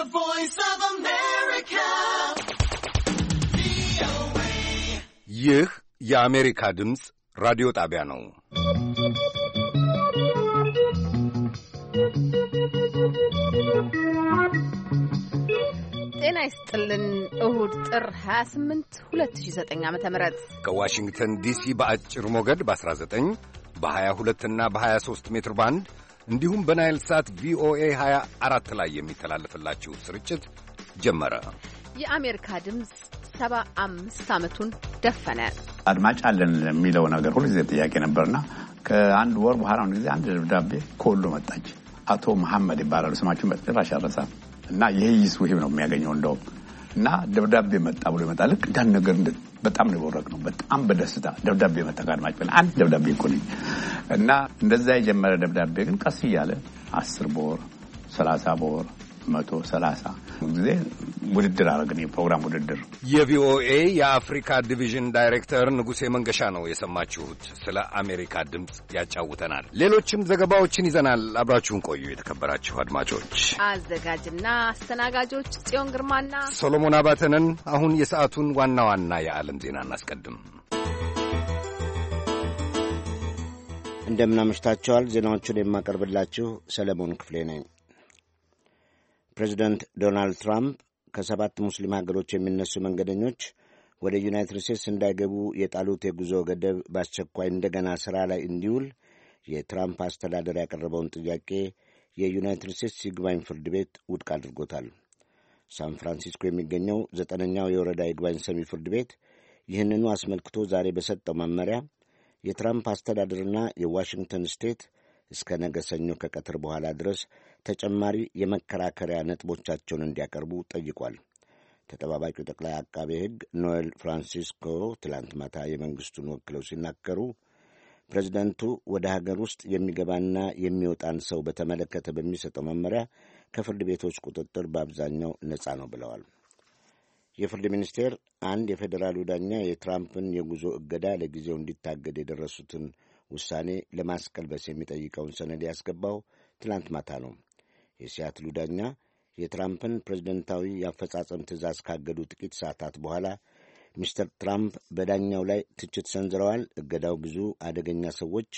The Voice of America. ይህ የአሜሪካ ድምፅ ራዲዮ ጣቢያ ነው። ጤና ይስጥልን። እሁድ ጥር 28 2009 ዓ ም ከዋሽንግተን ዲሲ በአጭር ሞገድ በ19 በ22 እና በ23 ሜትር ባንድ እንዲሁም በናይል ሳት ቪኦኤ 24 ላይ የሚተላለፍላችሁ ስርጭት ጀመረ። የአሜሪካ ድምፅ ሰባ አምስት ዓመቱን ደፈነ። አድማጭ አለን የሚለው ነገር ሁልጊዜ ጥያቄ ነበርና ከአንድ ወር በኋላ ጊዜ አንድ ደብዳቤ ከወሎ መጣች። አቶ መሐመድ ይባላሉ። ስማችሁን በጭራሽ አረሳም እና ይህይስ ውሂብ ነው የሚያገኘው እንደውም እና ደብዳቤ መጣ ብሎ ይመጣል። ልክ እንዳን ነገር እንደት በጣም ነው ነው። በጣም በደስታ ደብዳቤ መጠቃድ ማጭበል አንድ ደብዳቤ እኮ ነኝ እና እንደዛ የጀመረ ደብዳቤ ግን ቀስ እያለ አስር በወር ሰላሳ በወር መቶ ጊዜ ውድድር አረግን የፕሮግራም ውድድር። የቪኦኤ የአፍሪካ ዲቪዥን ዳይሬክተር ንጉሴ መንገሻ ነው የሰማችሁት። ስለ አሜሪካ ድምፅ ያጫውተናል። ሌሎችም ዘገባዎችን ይዘናል። አብራችሁን ቆዩ። የተከበራችሁ አድማጮች፣ አዘጋጅና አስተናጋጆች ጽዮን ግርማና ሶሎሞን አባተንን አሁን የሰዓቱን ዋና ዋና የዓለም ዜና እናስቀድም። እንደምናመሽታቸዋል። ዜናዎቹን የማቀርብላችሁ ሰለሞን ክፍሌ ነኝ። ፕሬዚደንት ዶናልድ ትራምፕ ከሰባት ሙስሊም ሀገሮች የሚነሱ መንገደኞች ወደ ዩናይትድ ስቴትስ እንዳይገቡ የጣሉት የጉዞ ገደብ በአስቸኳይ እንደገና ሥራ ላይ እንዲውል የትራምፕ አስተዳደር ያቀረበውን ጥያቄ የዩናይትድ ስቴትስ ይግባኝ ፍርድ ቤት ውድቅ አድርጎታል። ሳን ፍራንሲስኮ የሚገኘው ዘጠነኛው የወረዳ ይግባኝ ሰሚ ፍርድ ቤት ይህንኑ አስመልክቶ ዛሬ በሰጠው መመሪያ የትራምፕ አስተዳደርና የዋሽንግተን ስቴት እስከ ነገ ሰኞ ከቀትር በኋላ ድረስ ተጨማሪ የመከራከሪያ ነጥቦቻቸውን እንዲያቀርቡ ጠይቋል። ተጠባባቂው ጠቅላይ አቃቤ ሕግ ኖኤል ፍራንሲስኮ ትላንት ማታ የመንግስቱን ወክለው ሲናገሩ ፕሬዚደንቱ ወደ ሀገር ውስጥ የሚገባና የሚወጣን ሰው በተመለከተ በሚሰጠው መመሪያ ከፍርድ ቤቶች ቁጥጥር በአብዛኛው ነጻ ነው ብለዋል። የፍርድ ሚኒስቴር አንድ የፌዴራሉ ዳኛ የትራምፕን የጉዞ እገዳ ለጊዜው እንዲታገድ የደረሱትን ውሳኔ ለማስቀልበስ የሚጠይቀውን ሰነድ ያስገባው ትላንት ማታ ነው። የሲያትሉ ዳኛ የትራምፕን ፕሬዝደንታዊ የአፈጻጸም ትእዛዝ ካገዱ ጥቂት ሰዓታት በኋላ ሚስተር ትራምፕ በዳኛው ላይ ትችት ሰንዝረዋል። እገዳው ብዙ አደገኛ ሰዎች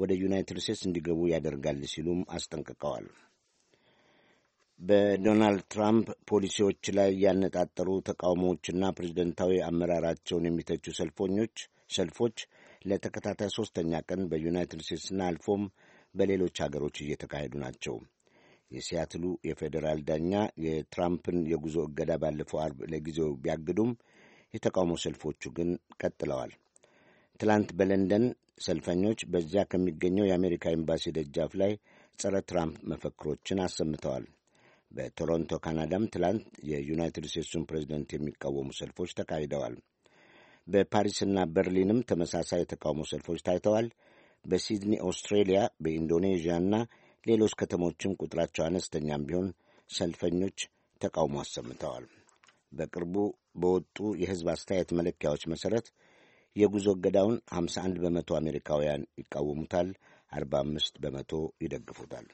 ወደ ዩናይትድ ስቴትስ እንዲገቡ ያደርጋል ሲሉም አስጠንቅቀዋል። በዶናልድ ትራምፕ ፖሊሲዎች ላይ ያነጣጠሩ ተቃውሞዎችና ፕሬዝደንታዊ አመራራቸውን የሚተቹ ሰልፎች ለተከታታይ ሦስተኛ ቀን በዩናይትድ ስቴትስና አልፎም በሌሎች አገሮች እየተካሄዱ ናቸው። የሲያትሉ የፌዴራል ዳኛ የትራምፕን የጉዞ እገዳ ባለፈው አርብ ለጊዜው ቢያግዱም የተቃውሞ ሰልፎቹ ግን ቀጥለዋል። ትላንት በለንደን ሰልፈኞች በዚያ ከሚገኘው የአሜሪካ ኤምባሲ ደጃፍ ላይ ጸረ ትራምፕ መፈክሮችን አሰምተዋል። በቶሮንቶ ካናዳም ትላንት የዩናይትድ ስቴትሱን ፕሬዚደንት የሚቃወሙ ሰልፎች ተካሂደዋል። በፓሪስና በርሊንም ተመሳሳይ የተቃውሞ ሰልፎች ታይተዋል። በሲድኒ ኦስትሬሊያ፣ በኢንዶኔዥያና ሌሎች ከተሞችም ቁጥራቸው አነስተኛም ቢሆን ሰልፈኞች ተቃውሞ አሰምተዋል። በቅርቡ በወጡ የሕዝብ አስተያየት መለኪያዎች መሠረት የጉዞ እገዳውን 51 በመቶ አሜሪካውያን ይቃወሙታል፣ 45 በመቶ ይደግፉታል።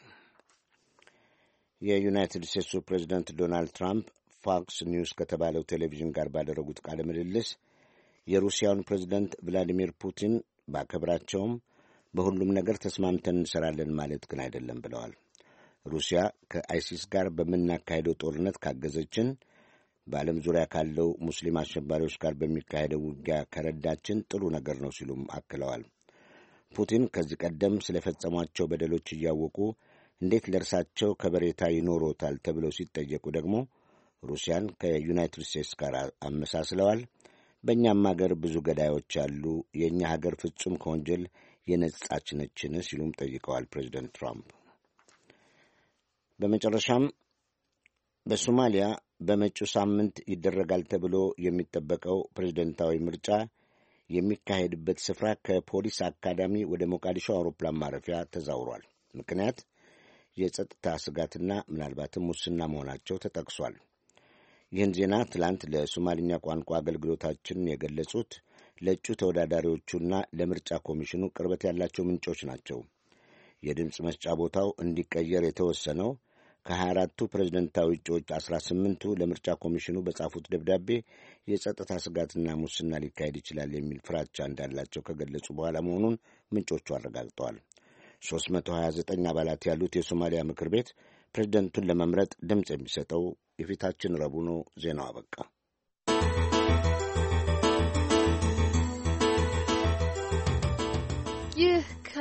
የዩናይትድ ስቴትሱ ፕሬዚደንት ዶናልድ ትራምፕ ፎክስ ኒውስ ከተባለው ቴሌቪዥን ጋር ባደረጉት ቃለ ምልልስ የሩሲያውን ፕሬዚደንት ቭላዲሚር ፑቲን ባከብራቸውም በሁሉም ነገር ተስማምተን እንሰራለን ማለት ግን አይደለም ብለዋል። ሩሲያ ከአይሲስ ጋር በምናካሄደው ጦርነት ካገዘችን፣ በዓለም ዙሪያ ካለው ሙስሊም አሸባሪዎች ጋር በሚካሄደው ውጊያ ከረዳችን ጥሩ ነገር ነው ሲሉም አክለዋል። ፑቲን ከዚህ ቀደም ስለፈጸሟቸው በደሎች እያወቁ እንዴት ለእርሳቸው ከበሬታ ይኖሮታል ተብለው ሲጠየቁ ደግሞ ሩሲያን ከዩናይትድ ስቴትስ ጋር አመሳስለዋል። በእኛም ሀገር ብዙ ገዳዮች አሉ። የእኛ ሀገር ፍጹም ከወንጀል የነጻች ነችን? ሲሉም ጠይቀዋል ፕሬዚደንት ትራምፕ። በመጨረሻም በሶማሊያ በመጪው ሳምንት ይደረጋል ተብሎ የሚጠበቀው ፕሬዝደንታዊ ምርጫ የሚካሄድበት ስፍራ ከፖሊስ አካዳሚ ወደ ሞቃዲሾ አውሮፕላን ማረፊያ ተዛውሯል። ምክንያት የጸጥታ ስጋትና ምናልባትም ሙስና መሆናቸው ተጠቅሷል። ይህን ዜና ትላንት ለሶማሊኛ ቋንቋ አገልግሎታችን የገለጹት ለእጩ ተወዳዳሪዎቹና ለምርጫ ኮሚሽኑ ቅርበት ያላቸው ምንጮች ናቸው። የድምፅ መስጫ ቦታው እንዲቀየር የተወሰነው ከ24ቱ ፕሬዝደንታዊ እጩዎች 18ቱ ለምርጫ ኮሚሽኑ በጻፉት ደብዳቤ የጸጥታ ስጋትና ሙስና ሊካሄድ ይችላል የሚል ፍራቻ እንዳላቸው ከገለጹ በኋላ መሆኑን ምንጮቹ አረጋግጠዋል። 329 አባላት ያሉት የሶማሊያ ምክር ቤት ፕሬዚደንቱን ለመምረጥ ድምፅ የሚሰጠው የፊታችን ረቡዕ ነው። ዜናው አበቃ።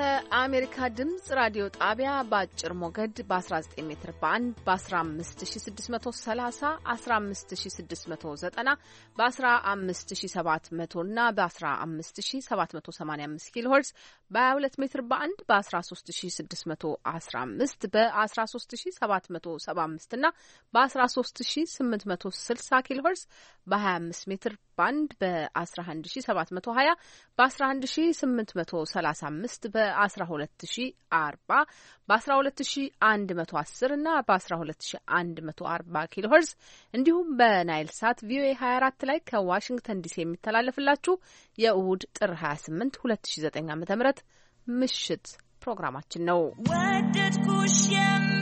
ከአሜሪካ ድምፅ ራዲዮ ጣቢያ በአጭር ሞገድ በ19 ሜትር ባንድ በ15630 15690 በ15700 እና በ15785 ኪሎ ሄርዝ በ22 ሜትር ባንድ በ13615 በ13775 እና በ13860 ኪሎ ሄርዝ በ25 ሜትር ባንድ በ11720 በ11835 በ በ12040 በ12110 እና በ12140 እንዲሁም በናይል ሳት ቪኦኤ 24 ላይ ከዋሽንግተን ዲሲ የሚተላለፍላችሁ የእሁድ ጥር 28 2009 ዓ.ም ምሽት ፕሮግራማችን ነው። ወደድኩሽ የሚ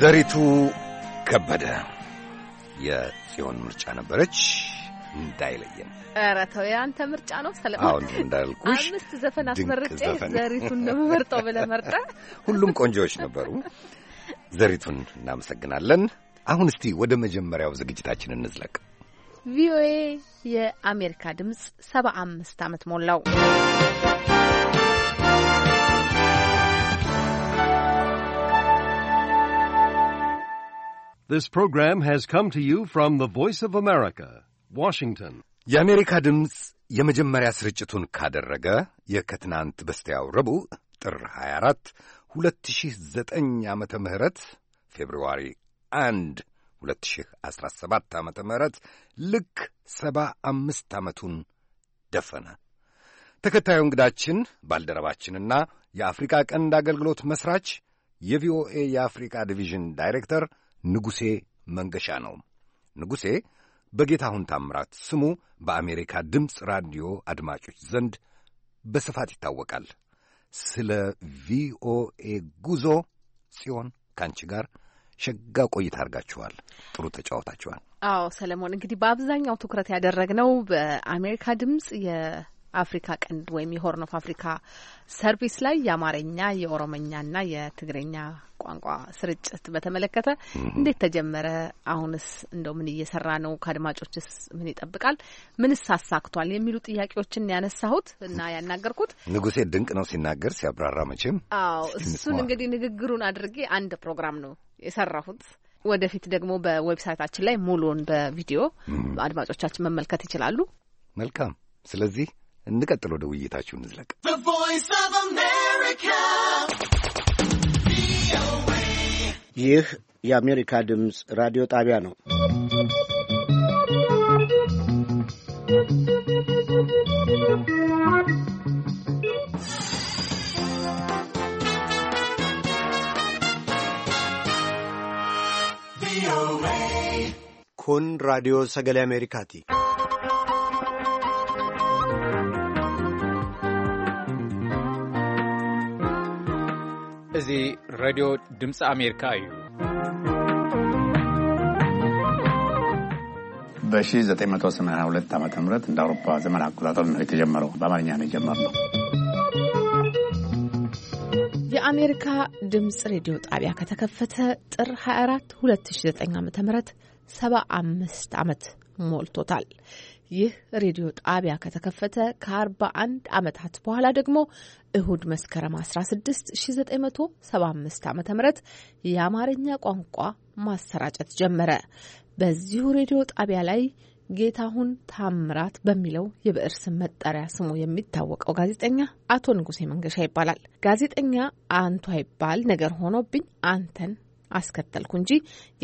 ዘሪቱ ከበደ የጽዮን ምርጫ ነበረች። እንዳይለየን። ኧረ ተው፣ የአንተ ምርጫ ነው ሰለሞን። እንዳልኩሽ አምስት ዘፈን አስመርጬ ዘሪቱን ነው የምመርጠው ብለህ መርጠ ሁሉም ቆንጆዎች ነበሩ። ዘሪቱን እናመሰግናለን። አሁን እስቲ ወደ መጀመሪያው ዝግጅታችን እንዝለቅ። ቪኦኤ የአሜሪካ ድምፅ ሰባ አምስት ዓመት ሞላው። This program has come to you from the Voice of America, Washington. የአሜሪካ ድምፅ የመጀመሪያ ስርጭቱን ካደረገ የከትናንት በስቲያው ረቡዕ ጥር 24 2009 ዓመተ ምህረት ፌብርዋሪ 1 2017 ዓመተ ምህረት ልክ 75 ዓመቱን ደፈነ። ተከታዩ እንግዳችን ባልደረባችንና የአፍሪካ ቀንድ አገልግሎት መስራች የቪኦኤ የአፍሪካ ዲቪዥን ዳይሬክተር ንጉሴ መንገሻ ነው። ንጉሴ በጌታሁን ታምራት ስሙ በአሜሪካ ድምፅ ራዲዮ አድማጮች ዘንድ በስፋት ይታወቃል። ስለ ቪኦኤ ጉዞ ጽዮን ካንቺ ጋር ሸጋ ቆይታ አድርጋችኋል። ጥሩ ተጫወታችኋል። አዎ ሰለሞን፣ እንግዲህ በአብዛኛው ትኩረት ያደረግነው በአሜሪካ ድምጽ የአፍሪካ ቀንድ ወይም የሆርን ኦፍ አፍሪካ ሰርቪስ ላይ የአማርኛ የኦሮመኛና የትግረኛ ቋንቋ ስርጭት በተመለከተ እንዴት ተጀመረ? አሁንስ እንደው ምን እየሰራ ነው? ከአድማጮችስ ምን ይጠብቃል? ምንስ አሳክቷል? የሚሉ ጥያቄዎችን ያነሳሁት እና ያናገርኩት ንጉሴ ድንቅ ነው ሲናገር ሲያብራራ መቼም። አዎ እሱን እንግዲህ ንግግሩን አድርጌ አንድ ፕሮግራም ነው የሰራሁት። ወደፊት ደግሞ በዌብሳይታችን ላይ ሙሉን በቪዲዮ አድማጮቻችን መመልከት ይችላሉ። መልካም። ስለዚህ እንቀጥል፣ ወደ ውይይታችሁ እንዝለቅ። ቮይስ ኦፍ አሜሪካ ይህ የአሜሪካ ድምፅ ራዲዮ ጣቢያ ነው። ኩን ራዲዮ ሰገሌ አሜሪካቲ እዚ ሬድዮ ድምፂ ኣሜሪካ እዩ። በ1982 ዓ ም እንደ ኣውሮፓ ዘመን አቆጣጠር ነው የተጀመረው። በአማርኛ ነው የጀመርነው። የአሜሪካ ድምፅ ሬዲዮ ጣቢያ ከተከፈተ ጥር 24 2009 ዓ ም 75 ዓመት ሞልቶታል። ይህ ሬዲዮ ጣቢያ ከተከፈተ ከ41 ዓመታት በኋላ ደግሞ እሁድ መስከረም 16 1975 ዓ ም የአማርኛ ቋንቋ ማሰራጨት ጀመረ። በዚሁ ሬዲዮ ጣቢያ ላይ ጌታሁን ታምራት በሚለው የብዕር ስም መጠሪያ ስሙ የሚታወቀው ጋዜጠኛ አቶ ንጉሴ መንገሻ ይባላል። ጋዜጠኛ አንቱ አይባል ነገር ሆኖብኝ አንተን አስከተልኩ እንጂ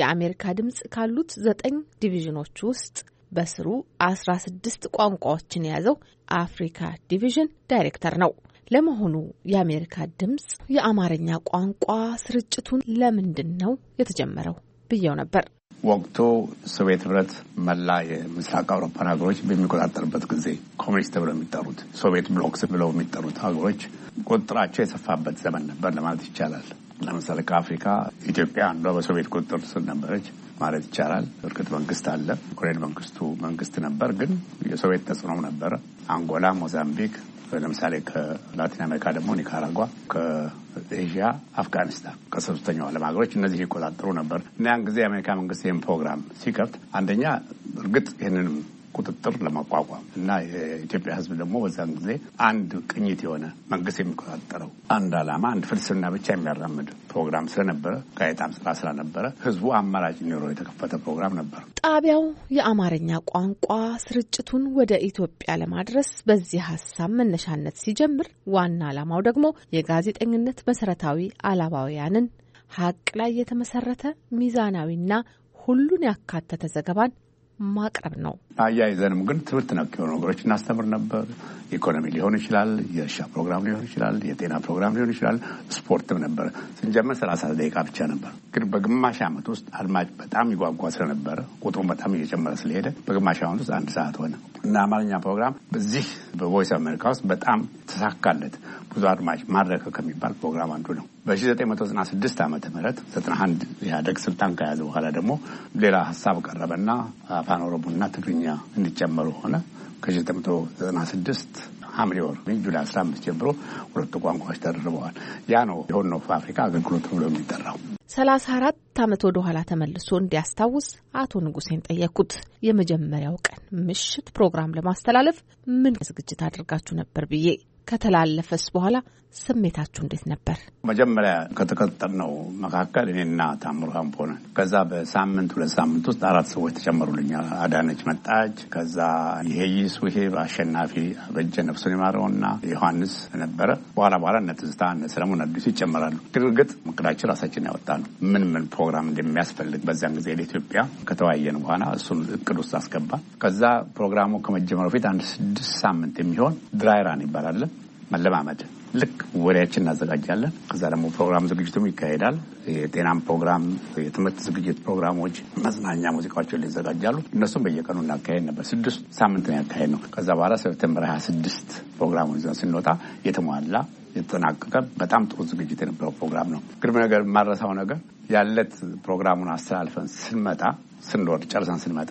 የአሜሪካ ድምፅ ካሉት ዘጠኝ ዲቪዥኖች ውስጥ በስሩ አስራ ስድስት ቋንቋዎችን የያዘው አፍሪካ ዲቪዥን ዳይሬክተር ነው። ለመሆኑ የአሜሪካ ድምፅ የአማርኛ ቋንቋ ስርጭቱን ለምንድን ነው የተጀመረው ብየው ነበር። ወቅቱ ሶቪየት ህብረት መላ የምስራቅ አውሮፓን ሀገሮች በሚቆጣጠርበት ጊዜ ኮሚኒስት ብለው የሚጠሩት ሶቪየት ብሎክስ ብለው የሚጠሩት ሀገሮች ቁጥራቸው የሰፋበት ዘመን ነበር ለማለት ይቻላል። ለምሳሌ ከአፍሪካ ኢትዮጵያ አንዷ በሶቪየት ቁጥጥር ስር ነበረች ማለት ይቻላል። እርግጥ መንግስት አለ፣ ኮሎኔል መንግስቱ መንግስት ነበር፣ ግን የሶቪየት ተጽዕኖም ነበረ። አንጎላ፣ ሞዛምቢክ ለምሳሌ ከላቲን አሜሪካ ደግሞ ኒካራጓ፣ ከኤዥያ አፍጋኒስታን፣ ከሶስተኛው ዓለም ሀገሮች እነዚህ ይቆጣጠሩ ነበር እና ያን ጊዜ የአሜሪካ መንግስት ይህን ፕሮግራም ሲከፍት አንደኛ እርግጥ ይህንንም ቁጥጥር ለማቋቋም እና የኢትዮጵያ ሕዝብ ደግሞ በዛን ጊዜ አንድ ቅኝት የሆነ መንግስት የሚቆጣጠረው አንድ ዓላማ አንድ ፍልስፍና ብቻ የሚያራምድ ፕሮግራም ስለነበረ ጋዜጣም ስራ ስለነበረ ሕዝቡ አማራጭ ኒሮ የተከፈተ ፕሮግራም ነበር። ጣቢያው የአማርኛ ቋንቋ ስርጭቱን ወደ ኢትዮጵያ ለማድረስ በዚህ ሀሳብ መነሻነት ሲጀምር ዋና ዓላማው ደግሞ የጋዜጠኝነት መሰረታዊ አላባውያንን ሀቅ ላይ የተመሰረተ ሚዛናዊና ሁሉን ያካተተ ዘገባን ማቅረብ ነው። አያይዘንም ግን ትምህርት ነክ የሆኑ ነገሮች እናስተምር ነበር። ኢኮኖሚ ሊሆን ይችላል፣ የእርሻ ፕሮግራም ሊሆን ይችላል፣ የጤና ፕሮግራም ሊሆን ይችላል። ስፖርትም ነበር። ስንጀምር ሰላሳ ደቂቃ ብቻ ነበር። ግን በግማሽ ዓመት ውስጥ አድማጭ በጣም ይጓጓ ስለነበረ ቁጥሩም በጣም እየጨመረ ስለሄደ በግማሽ ዓመት ውስጥ አንድ ሰዓት ሆነ እና አማርኛ ፕሮግራም በዚህ በቮይስ አሜሪካ ውስጥ በጣም ተሳካለት። ብዙ አድማጭ ማድረግ ከሚባል ፕሮግራም አንዱ ነው። በ1996 ዓመተ ምህረት 91 ኢህአደግ ስልጣን ከያዘ በኋላ ደግሞ ሌላ ሀሳብ ቀረበና አፋን ኦሮሞና ትግርኛ እንዲጨመሩ ሆነ። ከ1996 ሐምሌ ወር ጁላይ 15 ጀምሮ ሁለቱ ቋንቋዎች ተደርበዋል። ያ ነው የሆርን ኦፍ አፍሪካ አገልግሎት ተብሎ የሚጠራው። ሰላሳ አራት ዓመት ወደ ኋላ ተመልሶ እንዲያስታውስ አቶ ንጉሴን ጠየቅኩት። የመጀመሪያው ቀን ምሽት ፕሮግራም ለማስተላለፍ ምን ዝግጅት አድርጋችሁ ነበር ብዬ ከተላለፈስ በኋላ ስሜታችሁ እንዴት ነበር? መጀመሪያ ከተቀጠርነው መካከል እኔና ታምሩ ሀምፖ ነን። ከዛ በሳምንት ሁለት ሳምንት ውስጥ አራት ሰዎች ተጨመሩልኝ። አዳነች መጣች። ከዛ ይሄይስ ውሄ አሸናፊ በጀ ነፍሱን የማረውና ዮሐንስ ነበረ። በኋላ በኋላ እነ ትዝታ እነ ሰለሞን አዲሱ ይጨመራሉ። ግርግጥ ምክራችን ራሳችን ያወጣ ነው። ምን ምን ፕሮግራም እንደሚያስፈልግ በዚያን ጊዜ ለኢትዮጵያ ከተወያየን በኋላ እሱን እቅድ ውስጥ አስገባ። ከዛ ፕሮግራሙ ከመጀመሩ ፊት አንድ ስድስት ሳምንት የሚሆን ድራይራን ይባላለን መለማመድ ልክ ወሬያችን እናዘጋጃለን። ከዛ ደግሞ ፕሮግራም ዝግጅቱም ይካሄዳል። የጤናም ፕሮግራም፣ የትምህርት ዝግጅት ፕሮግራሞች፣ መዝናኛ ሙዚቃዎች ይዘጋጃሉ። እነሱም በየቀኑ እናካሄድ ነበር። ስድስት ሳምንት ነው ያካሄድ ነው። ከዛ በኋላ ሰፕቴምበር 26 ፕሮግራሙን ይዘን ስንወጣ የተሟላ የተጠናቀቀ በጣም ጥሩ ዝግጅት የነበረው ፕሮግራም ነው። ግርም ነገር የማረሳው ነገር ያለት ፕሮግራሙን አስተላልፈን ስንመጣ ስንወርድ ጨርሰን ስንመጣ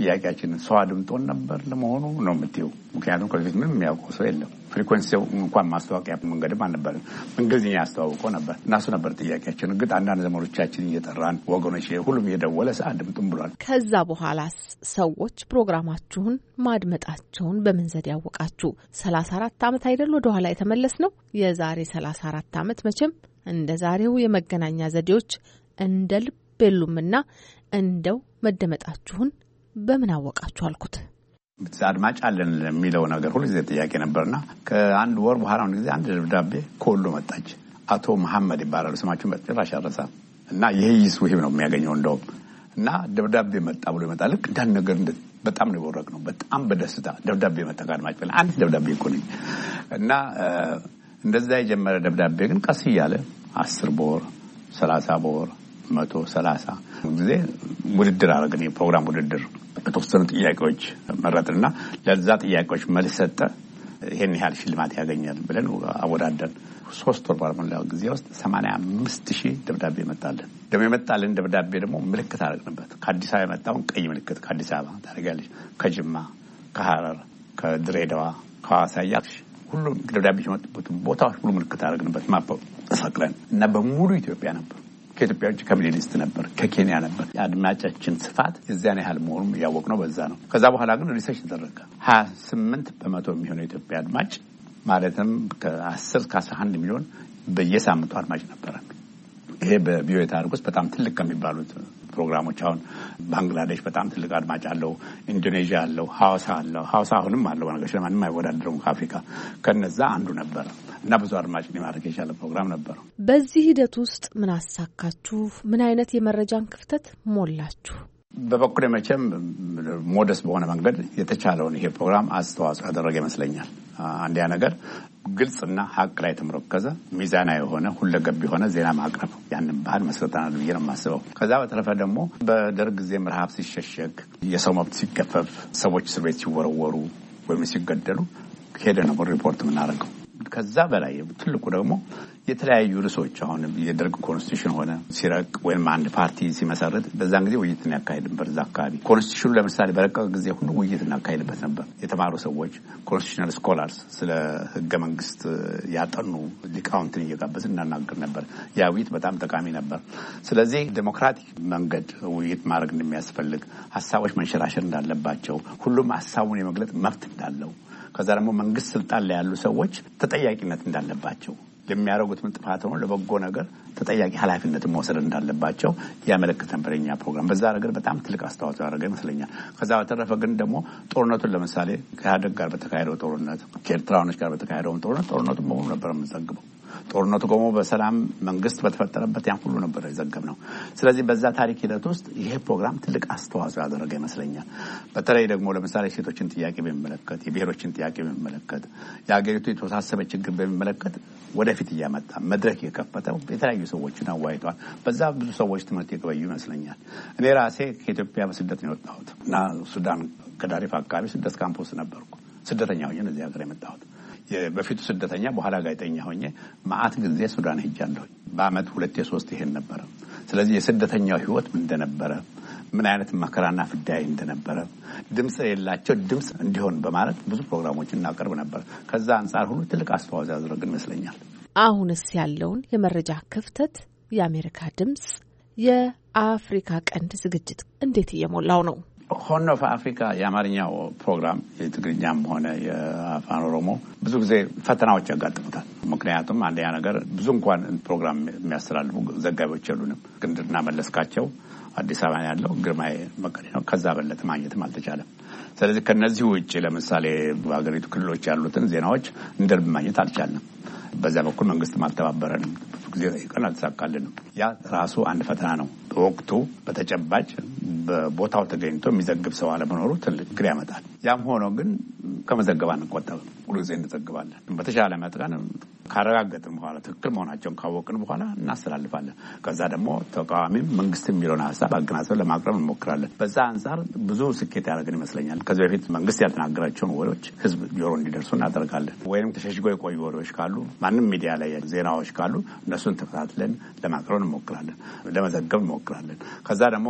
ጥያቄያችንን ሰው አድምጦን ነበር ለመሆኑ ነው የምትይው? ምክንያቱም ከዚህ ምንም የሚያውቀው ሰው የለም። ፍሪኮንሲው እንኳን ማስታወቂያ መንገድም አልነበርም። እንግሊዝኛ ያስተዋውቀ ነበር እናሱ ነበር ጥያቄያችን። እርግጥ አንዳንድ ዘመዶቻችን እየጠራን ወገኖች፣ ሁሉም እየደወለ ሰ አድምጡም ብሏል። ከዛ በኋላስ ሰዎች ፕሮግራማችሁን ማድመጣቸውን በምን ዘዴ ያወቃችሁ? ሰላሳ አራት ዓመት አይደል ወደኋላ የተመለስ ነው። የዛሬ ሰላሳ አራት ዓመት መቼም እንደ ዛሬው የመገናኛ ዘዴዎች እንደ ልብ የሉምና እንደው መደመጣችሁን በምን አወቃችሁ አልኩት። አድማጭ አለን የሚለው ነገር ሁሉ ጊዜ ጥያቄ ነበርና ከአንድ ወር በኋላ አሁን ጊዜ አንድ ደብዳቤ ከወሎ መጣች። አቶ መሐመድ ይባላሉ ስማችሁን በጭራሽ አልረሳም። እና የህይስ ውሂብ ነው የሚያገኘው እንደውም እና ደብዳቤ መጣ ብሎ ይመጣ ልክ እንዳንድ ነገር በጣም ነው የወረቅ ነው በጣም በደስታ ደብዳቤ መጣ ከአድማጭ በላይ አንድ ደብዳቤ እኮ ነኝ እና እንደዛ የጀመረ ደብዳቤ ግን ቀስ እያለ አስር በወር ሰላሳ በወር መቶ ሰላሳ ጊዜ ውድድር አረግን። የፕሮግራም ውድድር በተወሰኑ ጥያቄዎች መረጥና ለዛ ጥያቄዎች መልስ ሰጠ ይሄን ያህል ሽልማት ያገኛል ብለን አወዳደን። ሶስት ወር ባልሞላ ጊዜ ውስጥ ሰማንያ አምስት ሺህ ደብዳቤ መጣለን ደግሞ የመጣልን ደብዳቤ ደግሞ ምልክት አረግንበት ከአዲስ አበባ የመጣውን ቀይ ምልክት ከአዲስ አበባ ታደርጋለች ከጅማ፣ ከሀረር ከድሬዳዋ፣ ከሐዋሳ እያልሽ ሁሉም ደብዳቤ የመጡበትን ቦታዎች ሁሉ ምልክት አደረግንበት። ማበ ተሰቅለን እና በሙሉ ኢትዮጵያ ነበር ከኢትዮጵያ ውጭ ከሚድል ኢስት ነበር፣ ከኬንያ ነበር። የአድማጫችን ስፋት የዚያን ያህል መሆኑም እያወቅ ነው በዛ ነው። ከዛ በኋላ ግን ሪሰርች ተደረገ። ሀያ ስምንት በመቶ የሚሆነው የኢትዮጵያ አድማጭ ማለትም ከአስር አስራ አንድ ሚሊዮን በየሳምንቱ አድማጭ ነበረ። ይሄ በቪኦኤ ታሪክ ውስጥ በጣም ትልቅ ከሚባሉት ፕሮግራሞች አሁን ባንግላዴሽ በጣም ትልቅ አድማጭ አለው። ኢንዶኔዥያ አለው። ሀዋሳ አለው። ሀዋሳ አሁንም አለው። በነገሮች ለማንም አይወዳደረውም ከአፍሪካ ከነዛ አንዱ ነበረ እና ብዙ አድማጭ ሊማድረግ የቻለ ፕሮግራም ነበረ። በዚህ ሂደት ውስጥ ምን አሳካችሁ? ምን አይነት የመረጃን ክፍተት ሞላችሁ? በበኩል መቼም ሞደስ በሆነ መንገድ የተቻለውን ይሄ ፕሮግራም አስተዋጽኦ ያደረገ ይመስለኛል። አንዲያ ነገር ግልጽና ሀቅ ላይ የተመረከዘ ሚዛና የሆነ ሁለገብ የሆነ ዜና ማቅረብ ያንን ባህል መስረታናል ብዬ ነው የማስበው። ከዛ በተረፈ ደግሞ በደርግ ጊዜ ምርሃብ ሲሸሸግ፣ የሰው መብት ሲገፈፍ፣ ሰዎች እስር ቤት ሲወረወሩ ወይም ሲገደሉ ሄደ ነው ሪፖርት የምናደርገው። ከዛ በላይ ትልቁ ደግሞ የተለያዩ ርዕሶች አሁን የደርግ ኮንስቲቱሽን ሆነ ሲረቅ ወይም አንድ ፓርቲ ሲመሰርት በዛን ጊዜ ውይይት እናካሄድበት እዛ አካባቢ ኮንስቲቱሽኑ ለምሳሌ በረቀቀ ጊዜ ሁሉ ውይይት እናካሄድበት ነበር። የተማሩ ሰዎች ኮንስቲቱሽናል ስኮላርስ ስለ ህገ መንግስት ያጠኑ ሊቃውንትን እየጋበዝ እናናገር ነበር። ያ ውይይት በጣም ጠቃሚ ነበር። ስለዚህ ዴሞክራቲክ መንገድ ውይይት ማድረግ እንደሚያስፈልግ፣ ሀሳቦች መንሸራሸር እንዳለባቸው፣ ሁሉም ሀሳቡን የመግለጥ መብት እንዳለው ከዛ ደግሞ መንግስት ስልጣን ላይ ያሉ ሰዎች ተጠያቂነት እንዳለባቸው የሚያደረጉት ጥፋት ሆኖ ለበጎ ነገር ተጠያቂ ኃላፊነት መውሰድ እንዳለባቸው ያመለክት ነበር የኛ ፕሮግራም። በዛ ነገር በጣም ትልቅ አስተዋጽኦ ያደረገ ይመስለኛል። ከዛ በተረፈ ግን ደግሞ ጦርነቱን ለምሳሌ ከኢህአዴግ ጋር በተካሄደው ጦርነት፣ ከኤርትራኖች ጋር በተካሄደውን ጦርነት ጦርነቱን በሙሉ ነበር የምንዘግበው። ጦርነቱ ቆሞ በሰላም መንግስት በተፈጠረበት ያን ሁሉ ነበር የዘገብ ነው። ስለዚህ በዛ ታሪክ ሂደት ውስጥ ይሄ ፕሮግራም ትልቅ አስተዋጽኦ ያደረገ ይመስለኛል። በተለይ ደግሞ ለምሳሌ ሴቶችን ጥያቄ በሚመለከት፣ የብሔሮችን ጥያቄ በሚመለከት፣ የሀገሪቱ የተወሳሰበ ችግር በሚመለከት ወደፊት እያመጣ መድረክ የከፈተው የተለያዩ ሰዎችን አዋይቷል። በዛ ብዙ ሰዎች ትምህርት የገበዩ ይመስለኛል። እኔ ራሴ ከኢትዮጵያ በስደት ነው የወጣሁት እና ሱዳን ከዳሪፍ አካባቢ ስደት ካምፕ ውስጥ ነበርኩ። ስደተኛ ሆኜ እዚህ ሀገር የመጣሁት በፊቱ ስደተኛ በኋላ ጋዜጠኛ ሆኜ ማአት ጊዜ ሱዳን ሄጃለሁ በአመት ሁለት የሶስት ይሄን ነበረ። ስለዚህ የስደተኛው ህይወት ምን እንደነበረ፣ ምን አይነት መከራና ፍዳይ እንደነበረ፣ ድምፅ የሌላቸው ድምፅ እንዲሆን በማለት ብዙ ፕሮግራሞች እናቀርብ ነበር። ከዛ አንጻር ሁሉ ትልቅ አስተዋጽኦ ያደረግን ይመስለኛል። አሁንስ ያለውን የመረጃ ክፍተት የአሜሪካ ድምፅ የአፍሪካ ቀንድ ዝግጅት እንዴት እየሞላው ነው? ሆርን ኦፍ አፍሪካ የአማርኛው ፕሮግራም የትግርኛም ሆነ የአፋን ኦሮሞ ብዙ ጊዜ ፈተናዎች ያጋጥሙታል። ምክንያቱም አንደኛ ነገር ብዙ እንኳን ፕሮግራም የሚያስተላልፉ ዘጋቢዎች የሉንም። እስክንድርና መለስካቸው አዲስ አበባ ያለው ግርማዬ መቀሌ ነው። ከዛ በለጠ ማግኘትም አልተቻለም። ስለዚህ ከነዚህ ውጭ ለምሳሌ በሀገሪቱ ክልሎች ያሉትን ዜናዎች እንደልብ ማግኘት አልቻለም። በዚያ በኩል መንግስት ማልተባበረን ብዙ ጊዜ ቀን አልተሳካልንም። ያ ራሱ አንድ ፈተና ነው። በወቅቱ በተጨባጭ በቦታው ተገኝቶ የሚዘግብ ሰው አለመኖሩ ትልቅ ችግር ያመጣል። ያም ሆኖ ግን ከመዘገብ አንቆጠብም። ሁሉ ጊዜ እንዘግባለን። በተሻለ መጠን ካረጋገጥን በኋላ ትክክል መሆናቸውን ካወቅን በኋላ እናስተላልፋለን። ከዛ ደግሞ ተቃዋሚም መንግስት የሚለውን ሀሳብ አገናዘብ ለማቅረብ እንሞክራለን። በዛ አንጻር ብዙ ስኬት ያደረግን ይመስለኛል። ከዚህ በፊት መንግስት ያልተናገራቸውን ወሬዎች ህዝብ ጆሮ እንዲደርሱ እናደርጋለን። ወይም ተሸሽጎ የቆዩ ወሬዎች ካሉ ማንም ሚዲያ ላይ ዜናዎች ካሉ እነሱን ተከታትለን ለማቅረብ እንሞክራለን፣ ለመዘገብ እንሞክራለን። ከዛ ደግሞ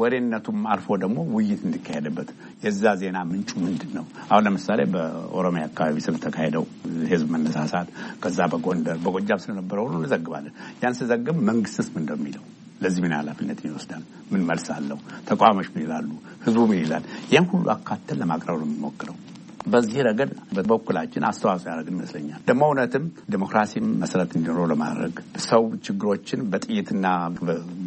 ወሬነቱም አልፎ ደግሞ ውይይት እንዲካሄድበት የዛ ዜና ምንጩ ምንድን ነው? አሁን ለምሳሌ በኦሮሚያ አካባቢ ተካሄደው ህዝብ መነሳሳት፣ ከዛ በጎንደር በጎጃም ስለነበረው ሁሉ እንዘግባለን። ያን ስዘግብ መንግስትስ ምን እንደሚለው ለዚህ ምን ኃላፊነት ይወስዳል? ምን መልስ አለው? ተቋሞች ምን ይላሉ? ህዝቡ ምን ይላል? ይህን ሁሉ አካተን ለማቅረብ ነው የሚሞክረው። በዚህ ረገድ በበኩላችን አስተዋጽኦ ያደረግን ይመስለኛል። ደግሞ እውነትም ዴሞክራሲም መሰረት እንዲኖረው ለማድረግ ሰው ችግሮችን በጥይትና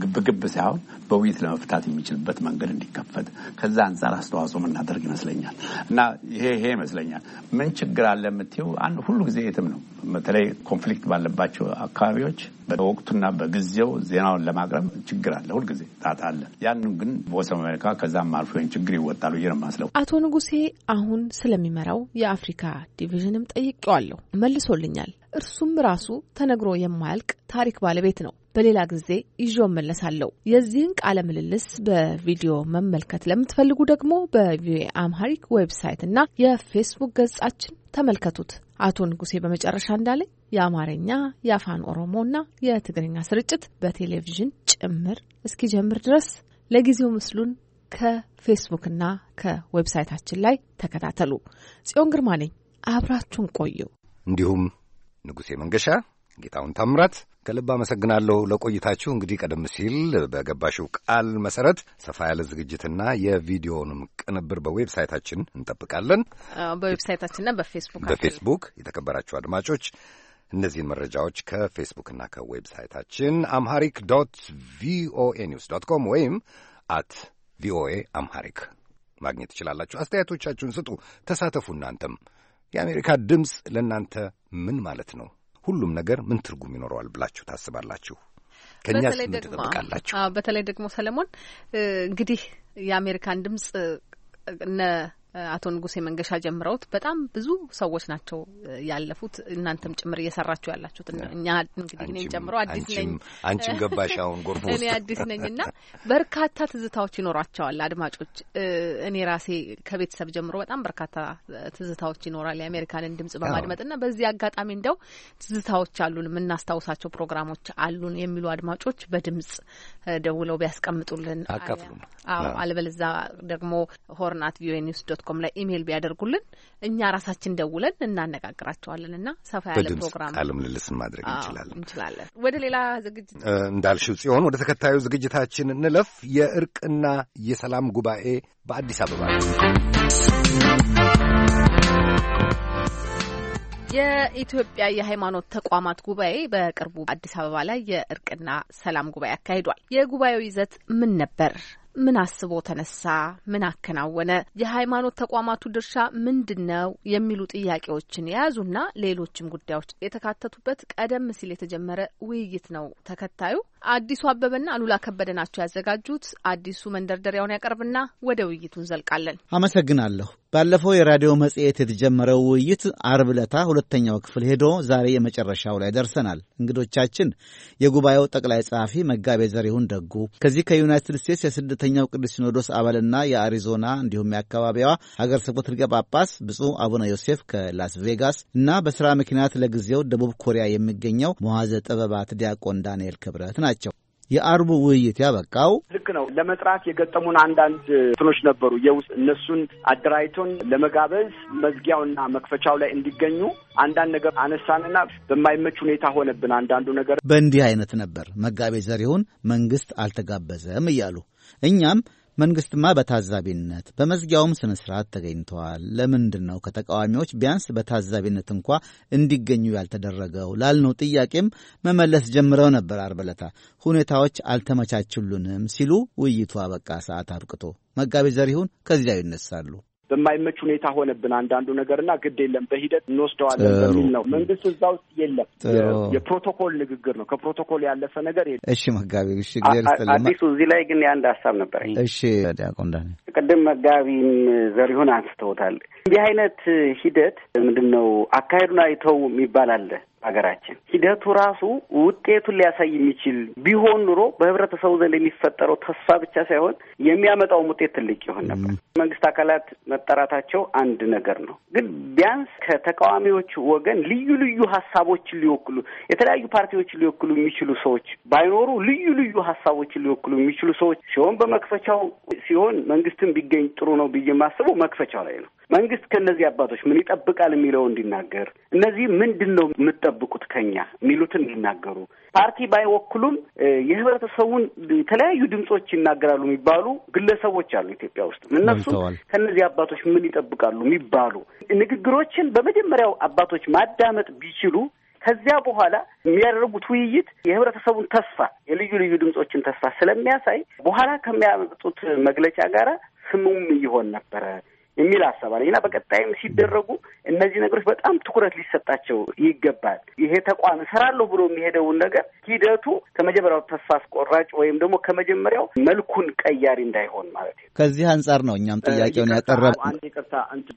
ግብግብ ሳይሆን በውይይት ለመፍታት የሚችልበት መንገድ እንዲከፈት ከዛ አንጻር አስተዋጽኦ የምናደርግ ይመስለኛል እና ይሄ ይሄ ይመስለኛል ምን ችግር አለ የምትይው አንድ ሁሉ ጊዜ የትም ነው በተለይ ኮንፍሊክት ባለባቸው አካባቢዎች በወቅቱና በጊዜው ዜናውን ለማቅረብ ችግር አለ፣ ሁልጊዜ ጣጣ አለ። ያንም ግን ቮይስ ኦፍ አሜሪካ ከዛም አልፎ ችግር ይወጣሉ ብዬ ነው አቶ ንጉሴ አሁን ስለሚ ስለሚመራው የአፍሪካ ዲቪዥንም ጠይቄዋለሁ። መልሶልኛል። እርሱም ራሱ ተነግሮ የማያልቅ ታሪክ ባለቤት ነው። በሌላ ጊዜ ይዤ እመለሳለሁ። የዚህን ቃለ ምልልስ በቪዲዮ መመልከት ለምትፈልጉ ደግሞ በቪኦኤ አምሃሪክ ዌብሳይት እና የፌስቡክ ገጻችን ተመልከቱት። አቶ ንጉሴ በመጨረሻ እንዳለኝ የአማርኛ የአፋን ኦሮሞ እና የትግርኛ ስርጭት በቴሌቪዥን ጭምር እስኪጀምር ድረስ ለጊዜው ምስሉን ከፌስቡክና ከዌብሳይታችን ላይ ተከታተሉ። ጽዮን ግርማ ነኝ። አብራችሁን ቆዩ። እንዲሁም ንጉሴ መንገሻ፣ ጌታውን ታምራት ከልብ አመሰግናለሁ ለቆይታችሁ። እንግዲህ ቀደም ሲል በገባሽው ቃል መሰረት ሰፋ ያለ ዝግጅትና የቪዲዮንም ቅንብር በዌብሳይታችን እንጠብቃለን። በዌብሳይታችንና በፌስቡክ በፌስቡክ የተከበራችሁ አድማጮች እነዚህን መረጃዎች ከፌስቡክና ከዌብሳይታችን አምሃሪክ ዶት ቪኦኤ ኒውስ ዶት ኮም ወይም አት ቪኦኤ አምሃሪክ ማግኘት ትችላላችሁ። አስተያየቶቻችሁን ስጡ፣ ተሳተፉ። እናንተም የአሜሪካ ድምፅ ለእናንተ ምን ማለት ነው? ሁሉም ነገር ምን ትርጉም ይኖረዋል ብላችሁ ታስባላችሁ? ከእኛስ ትጠብቃላችሁ? በተለይ ደግሞ ሰለሞን እንግዲህ የአሜሪካን ድምፅ አቶ ንጉሴ መንገሻ ጀምረውት በጣም ብዙ ሰዎች ናቸው ያለፉት። እናንተም ጭምር እየሰራችሁ ያላችሁት እኛ እንግዲህ እኔን ጨምሮ አዲስ ነኝ፣ አንቺም ገባሽ አሁን ጎርፎ ውስጥ እኔ አዲስ ነኝ እና በርካታ ትዝታዎች ይኖሯቸዋል አድማጮች። እኔ ራሴ ከቤተሰብ ጀምሮ በጣም በርካታ ትዝታዎች ይኖራል የአሜሪካንን ድምጽ በማድመጥ እና በዚህ አጋጣሚ እንደው ትዝታዎች አሉን የምናስታውሳቸው ፕሮግራሞች አሉን የሚሉ አድማጮች በድምጽ ደውለው ቢያስቀምጡልን አካፍሉ። አዎ አለበለዛ ደግሞ ሆርናት ቪኦኤ ኒውስ ዶት ኮም ላይ ኢሜይል ቢያደርጉልን እኛ ራሳችን ደውለን እናነጋግራቸዋለን እና ሰፋ ያለ ፕሮግራም ቃለ ምልልስን ማድረግ እንችላለን እንችላለን። ወደ ሌላ ዝግጅት እንዳልሽው ጽዮን፣ ወደ ተከታዩ ዝግጅታችን እንለፍ። የእርቅና የሰላም ጉባኤ በአዲስ አበባ የኢትዮጵያ የሃይማኖት ተቋማት ጉባኤ በቅርቡ አዲስ አበባ ላይ የእርቅና ሰላም ጉባኤ አካሂዷል። የጉባኤው ይዘት ምን ነበር? ምን አስቦ ተነሳ? ምን አከናወነ? የሃይማኖት ተቋማቱ ድርሻ ምንድን ነው? የሚሉ ጥያቄዎችን የያዙና ሌሎችም ጉዳዮች የተካተቱበት ቀደም ሲል የተጀመረ ውይይት ነው። ተከታዩ አዲሱ አበበና አሉላ ከበደ ናቸው ያዘጋጁት። አዲሱ መንደርደሪያውን ያቀርብና ወደ ውይይቱ እንዘልቃለን። አመሰግናለሁ። ባለፈው የራዲዮ መጽሔት የተጀመረው ውይይት አርብ ዕለታ ሁለተኛው ክፍል ሄዶ ዛሬ የመጨረሻው ላይ ደርሰናል። እንግዶቻችን የጉባኤው ጠቅላይ ጸሐፊ መጋቤ ዘሪሁን ደጉ ከዚህ ከዩናይትድ ስቴትስ የስደተኛው ቅዱስ ሲኖዶስ አባልና የአሪዞና እንዲሁም የአካባቢዋ ሀገር ስብከት ሊቀ ጳጳስ ብፁዕ አቡነ ዮሴፍ ከላስ ቬጋስ እና በሥራ ምክንያት ለጊዜው ደቡብ ኮሪያ የሚገኘው መዋዘ ጥበባት ዲያቆን ዳንኤል ክብረት ናቸው። የአርቡ ውይይት ያበቃው ልክ ነው። ለመጥራት የገጠሙን አንዳንድ ትኖች ነበሩ። የውስጥ እነሱን አደራጅቶን ለመጋበዝ መዝጊያውና መክፈቻው ላይ እንዲገኙ አንዳንድ ነገር አነሳንና በማይመች ሁኔታ ሆነብን። አንዳንዱ ነገር በእንዲህ አይነት ነበር። መጋቤ ዘሪሁን መንግስት አልተጋበዘም እያሉ እኛም መንግስትማ በታዛቢነት በመዝጊያውም ስነ ስርዓት ተገኝተዋል። ለምንድን ነው ከተቃዋሚዎች ቢያንስ በታዛቢነት እንኳ እንዲገኙ ያልተደረገው ላልነው ጥያቄም መመለስ ጀምረው ነበር። አርበለታ ሁኔታዎች አልተመቻችሉንም ሲሉ ውይይቱ አበቃ። ሰዓት አብቅቶ መጋቢ ዘሪሁን ከዚያው ይነሳሉ። በማይመች ሁኔታ ሆነብን አንዳንዱ ነገር እና ግድ የለም በሂደት እንወስደዋለን በሚል ነው። መንግስት እዛ ውስጥ የለም። የፕሮቶኮል ንግግር ነው። ከፕሮቶኮል ያለፈ ነገር የለም። እሺ መጋቢ፣ እሺ አዲሱ እዚህ ላይ ግን የአንድ ሀሳብ ነበር። እሺ ዲያቆን ዳንኤል፣ ቅድም መጋቢም ዘሪሁን አንስተውታል። እንዲህ አይነት ሂደት ምንድን ነው አካሄዱን አይተው የሚባል ሀገራችን። ሂደቱ ራሱ ውጤቱን ሊያሳይ የሚችል ቢሆን ኑሮ በህብረተሰቡ ዘንድ የሚፈጠረው ተስፋ ብቻ ሳይሆን የሚያመጣውም ውጤት ትልቅ ይሆን ነበር። መንግስት አካላት መጠራታቸው አንድ ነገር ነው፣ ግን ቢያንስ ከተቃዋሚዎች ወገን ልዩ ልዩ ሀሳቦችን ሊወክሉ የተለያዩ ፓርቲዎችን ሊወክሉ የሚችሉ ሰዎች ባይኖሩ ልዩ ልዩ ሀሳቦችን ሊወክሉ የሚችሉ ሰዎች ሲሆን በመክፈቻው ሲሆን መንግስትን ቢገኝ ጥሩ ነው ብዬ የማስበው መክፈቻው ላይ ነው። መንግስት ከእነዚህ አባቶች ምን ይጠብቃል የሚለው እንዲናገር እነዚህ ምንድን ነው የምጠ የሚጠብቁት ከኛ የሚሉትን ይናገሩ። ፓርቲ ባይወክሉም የህብረተሰቡን የተለያዩ ድምጾች ይናገራሉ የሚባሉ ግለሰቦች አሉ ኢትዮጵያ ውስጥ። እነሱ ከእነዚህ አባቶች ምን ይጠብቃሉ የሚባሉ ንግግሮችን በመጀመሪያው አባቶች ማዳመጥ ቢችሉ ከዚያ በኋላ የሚያደርጉት ውይይት የህብረተሰቡን ተስፋ የልዩ ልዩ ድምጾችን ተስፋ ስለሚያሳይ በኋላ ከሚያመጡት መግለጫ ጋር ስሙም እየሆን ነበረ የሚል ሀሳብ አለኝ እና በቀጣይም ሲደረጉ እነዚህ ነገሮች በጣም ትኩረት ሊሰጣቸው ይገባል። ይሄ ተቋም እሰራለሁ ብሎ የሚሄደውን ነገር ሂደቱ ከመጀመሪያው ተስፋ አስቆራጭ ወይም ደግሞ ከመጀመሪያው መልኩን ቀያሪ እንዳይሆን ማለት ነው። ከዚህ አንጻር ነው እኛም ጥያቄውን ያቀረብ አንድ ይቅርታ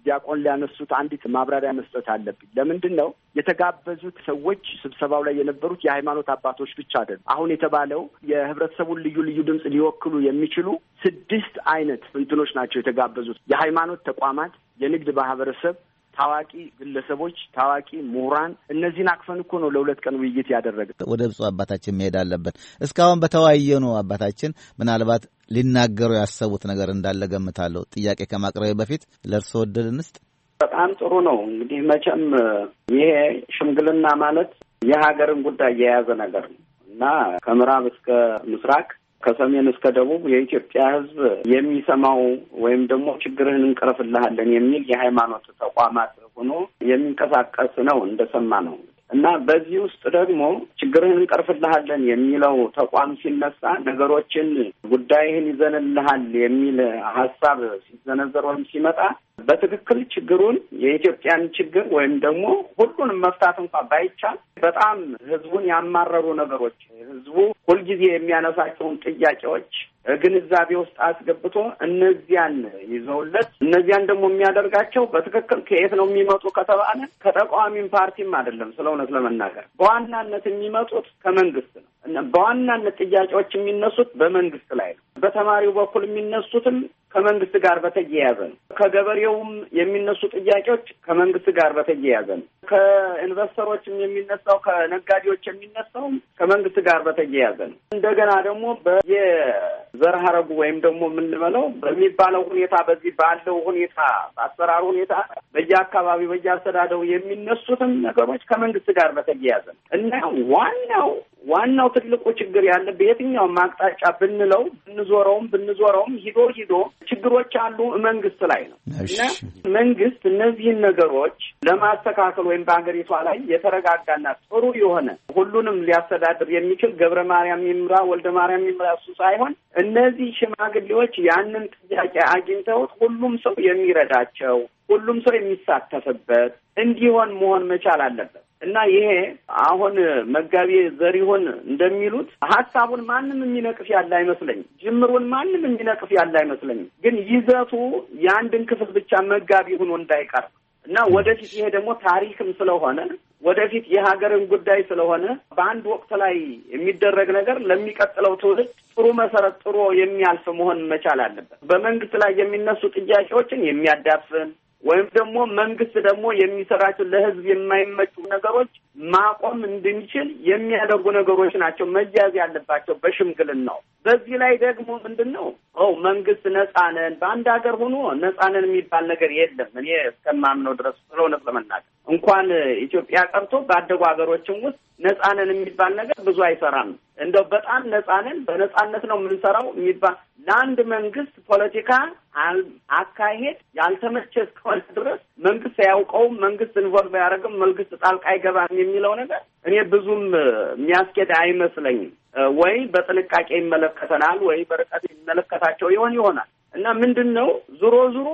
ዲያቆን ሊያነሱት አንዲት ማብራሪያ መስጠት አለብኝ። ለምንድን ነው የተጋበዙት ሰዎች ስብሰባው ላይ የነበሩት የሃይማኖት አባቶች ብቻ አይደሉም። አሁን የተባለው የህብረተሰቡን ልዩ ልዩ ድምፅ ሊወክሉ የሚችሉ ስድስት አይነት እንትኖች ናቸው የተጋበዙት የሃይማኖት ተቋማት፣ የንግድ ማህበረሰብ፣ ታዋቂ ግለሰቦች፣ ታዋቂ ምሁራን እነዚህን አክፈን እኮ ነው ለሁለት ቀን ውይይት ያደረገ። ወደ ብፁ አባታችን መሄድ አለብን። እስካሁን በተወያየ ነው አባታችን ምናልባት ሊናገሩ ያሰቡት ነገር እንዳለ ገምታለሁ። ጥያቄ ከማቅረቤ በፊት ለእርስ ወደድ እንስጥ። በጣም ጥሩ ነው። እንግዲህ መቼም ይሄ ሽምግልና ማለት የሀገርን ጉዳይ የያዘ ነገር ነው እና ከምዕራብ እስከ ምስራቅ ከሰሜን እስከ ደቡብ የኢትዮጵያ ሕዝብ የሚሰማው ወይም ደግሞ ችግርህን እንቀረፍልሃለን የሚል የሃይማኖት ተቋማት ሆኖ የሚንቀሳቀስ ነው እንደሰማ ነው። እና በዚህ ውስጥ ደግሞ ችግርህን እንቀርፍልሃለን የሚለው ተቋም ሲነሳ ነገሮችን ጉዳይህን ይዘንልሃል የሚል ሀሳብ ሲዘነዘር ወይም ሲመጣ በትክክል ችግሩን የኢትዮጵያን ችግር ወይም ደግሞ ሁሉንም መፍታት እንኳን ባይቻል በጣም ህዝቡን ያማረሩ ነገሮች ህዝቡ ሁልጊዜ የሚያነሳቸውን ጥያቄዎች ግንዛቤ ውስጥ አስገብቶ እነዚያን ይዘውለት እነዚያን ደግሞ የሚያደርጋቸው በትክክል ከየት ነው የሚመጡ ከተባለ ከተቃዋሚም ፓርቲም አይደለም። ስለ እውነት ለመናገር በዋናነት የሚመጡት ከመንግስት ነው። በዋናነት ጥያቄዎች የሚነሱት በመንግስት ላይ ነው። በተማሪው በኩል የሚነሱትም ከመንግስት ጋር በተያያዘ ነው። ከገበሬውም የሚነሱ ጥያቄዎች ከመንግስት ጋር በተያያዘ ነው። ከኢንቨስተሮችም የሚነሳው ከነጋዴዎች የሚነሳውም ከመንግስት ጋር በተያያዘ ነው። እንደገና ደግሞ በየዘር ሀረጉ ወይም ደግሞ የምንበለው በሚባለው ሁኔታ በዚህ ባለው ሁኔታ በአሰራሩ ሁኔታ በየአካባቢው በየአስተዳደሩ የሚነሱትም ነገሮች ከመንግስት ጋር በተያያዘ ነው እና ዋናው ዋናው ትልቁ ችግር ያለ በየትኛውም አቅጣጫ ብንለው ብንዞረውም ብንዞረውም ሂዶ ሂዶ ችግሮች አሉ መንግስት ላይ ነው እና መንግስት እነዚህን ነገሮች ለማስተካከል ወይም በሀገሪቷ ላይ የተረጋጋና ጥሩ የሆነ ሁሉንም ሊያስተዳድር የሚችል ገብረ ማርያም ይምራ፣ ወልደ ማርያም ይምራ እሱ ሳይሆን እነዚህ ሽማግሌዎች ያንን ጥያቄ አግኝተውት ሁሉም ሰው የሚረዳቸው ሁሉም ሰው የሚሳተፍበት እንዲሆን መሆን መቻል አለበት። እና ይሄ አሁን መጋቢ ዘሪሁን እንደሚሉት ሀሳቡን ማንም የሚነቅፍ ያለ አይመስለኝም። ጅምሩን ማንም የሚነቅፍ ያለ አይመስለኝም። ግን ይዘቱ የአንድን ክፍል ብቻ መጋቢ ሆኖ እንዳይቀር እና ወደፊት ይሄ ደግሞ ታሪክም ስለሆነ ወደፊት የሀገርን ጉዳይ ስለሆነ በአንድ ወቅት ላይ የሚደረግ ነገር ለሚቀጥለው ትውልድ ጥሩ መሰረት ጥሮ የሚያልፍ መሆን መቻል አለበት። በመንግስት ላይ የሚነሱ ጥያቄዎችን የሚያዳፍን ወይም ደግሞ መንግስት ደግሞ የሚሰራቸው ለህዝብ የማይመቹ ነገሮች ማቆም እንድንችል የሚያደርጉ ነገሮች ናቸው መያዝ ያለባቸው በሽምግልን ነው። በዚህ ላይ ደግሞ ምንድን ነው ው መንግስት ነጻነን በአንድ ሀገር ሆኖ ነጻነን የሚባል ነገር የለም። እኔ እስከማምነው ድረስ ስለሆነ ለመናገር እንኳን ኢትዮጵያ ቀርቶ በአደጉ ሀገሮችም ውስጥ ነጻነን የሚባል ነገር ብዙ አይሰራም። እንደው በጣም ነጻነን በነጻነት ነው የምንሰራው የሚባል ለአንድ መንግስት ፖለቲካ አካሄድ ያልተመቸ እስከሆነ ድረስ መንግስት አያውቀውም፣ መንግስት ኢንቮልቭ ያደረግም መንግስት ጣልቃ አይገባም የሚለው ነገር እኔ ብዙም የሚያስኬድ አይመስለኝም። ወይ በጥንቃቄ ይመለከተናል፣ ወይ በርቀት የሚመለከታቸው ይሆን ይሆናል እና ምንድን ነው ዙሮ ዙሮ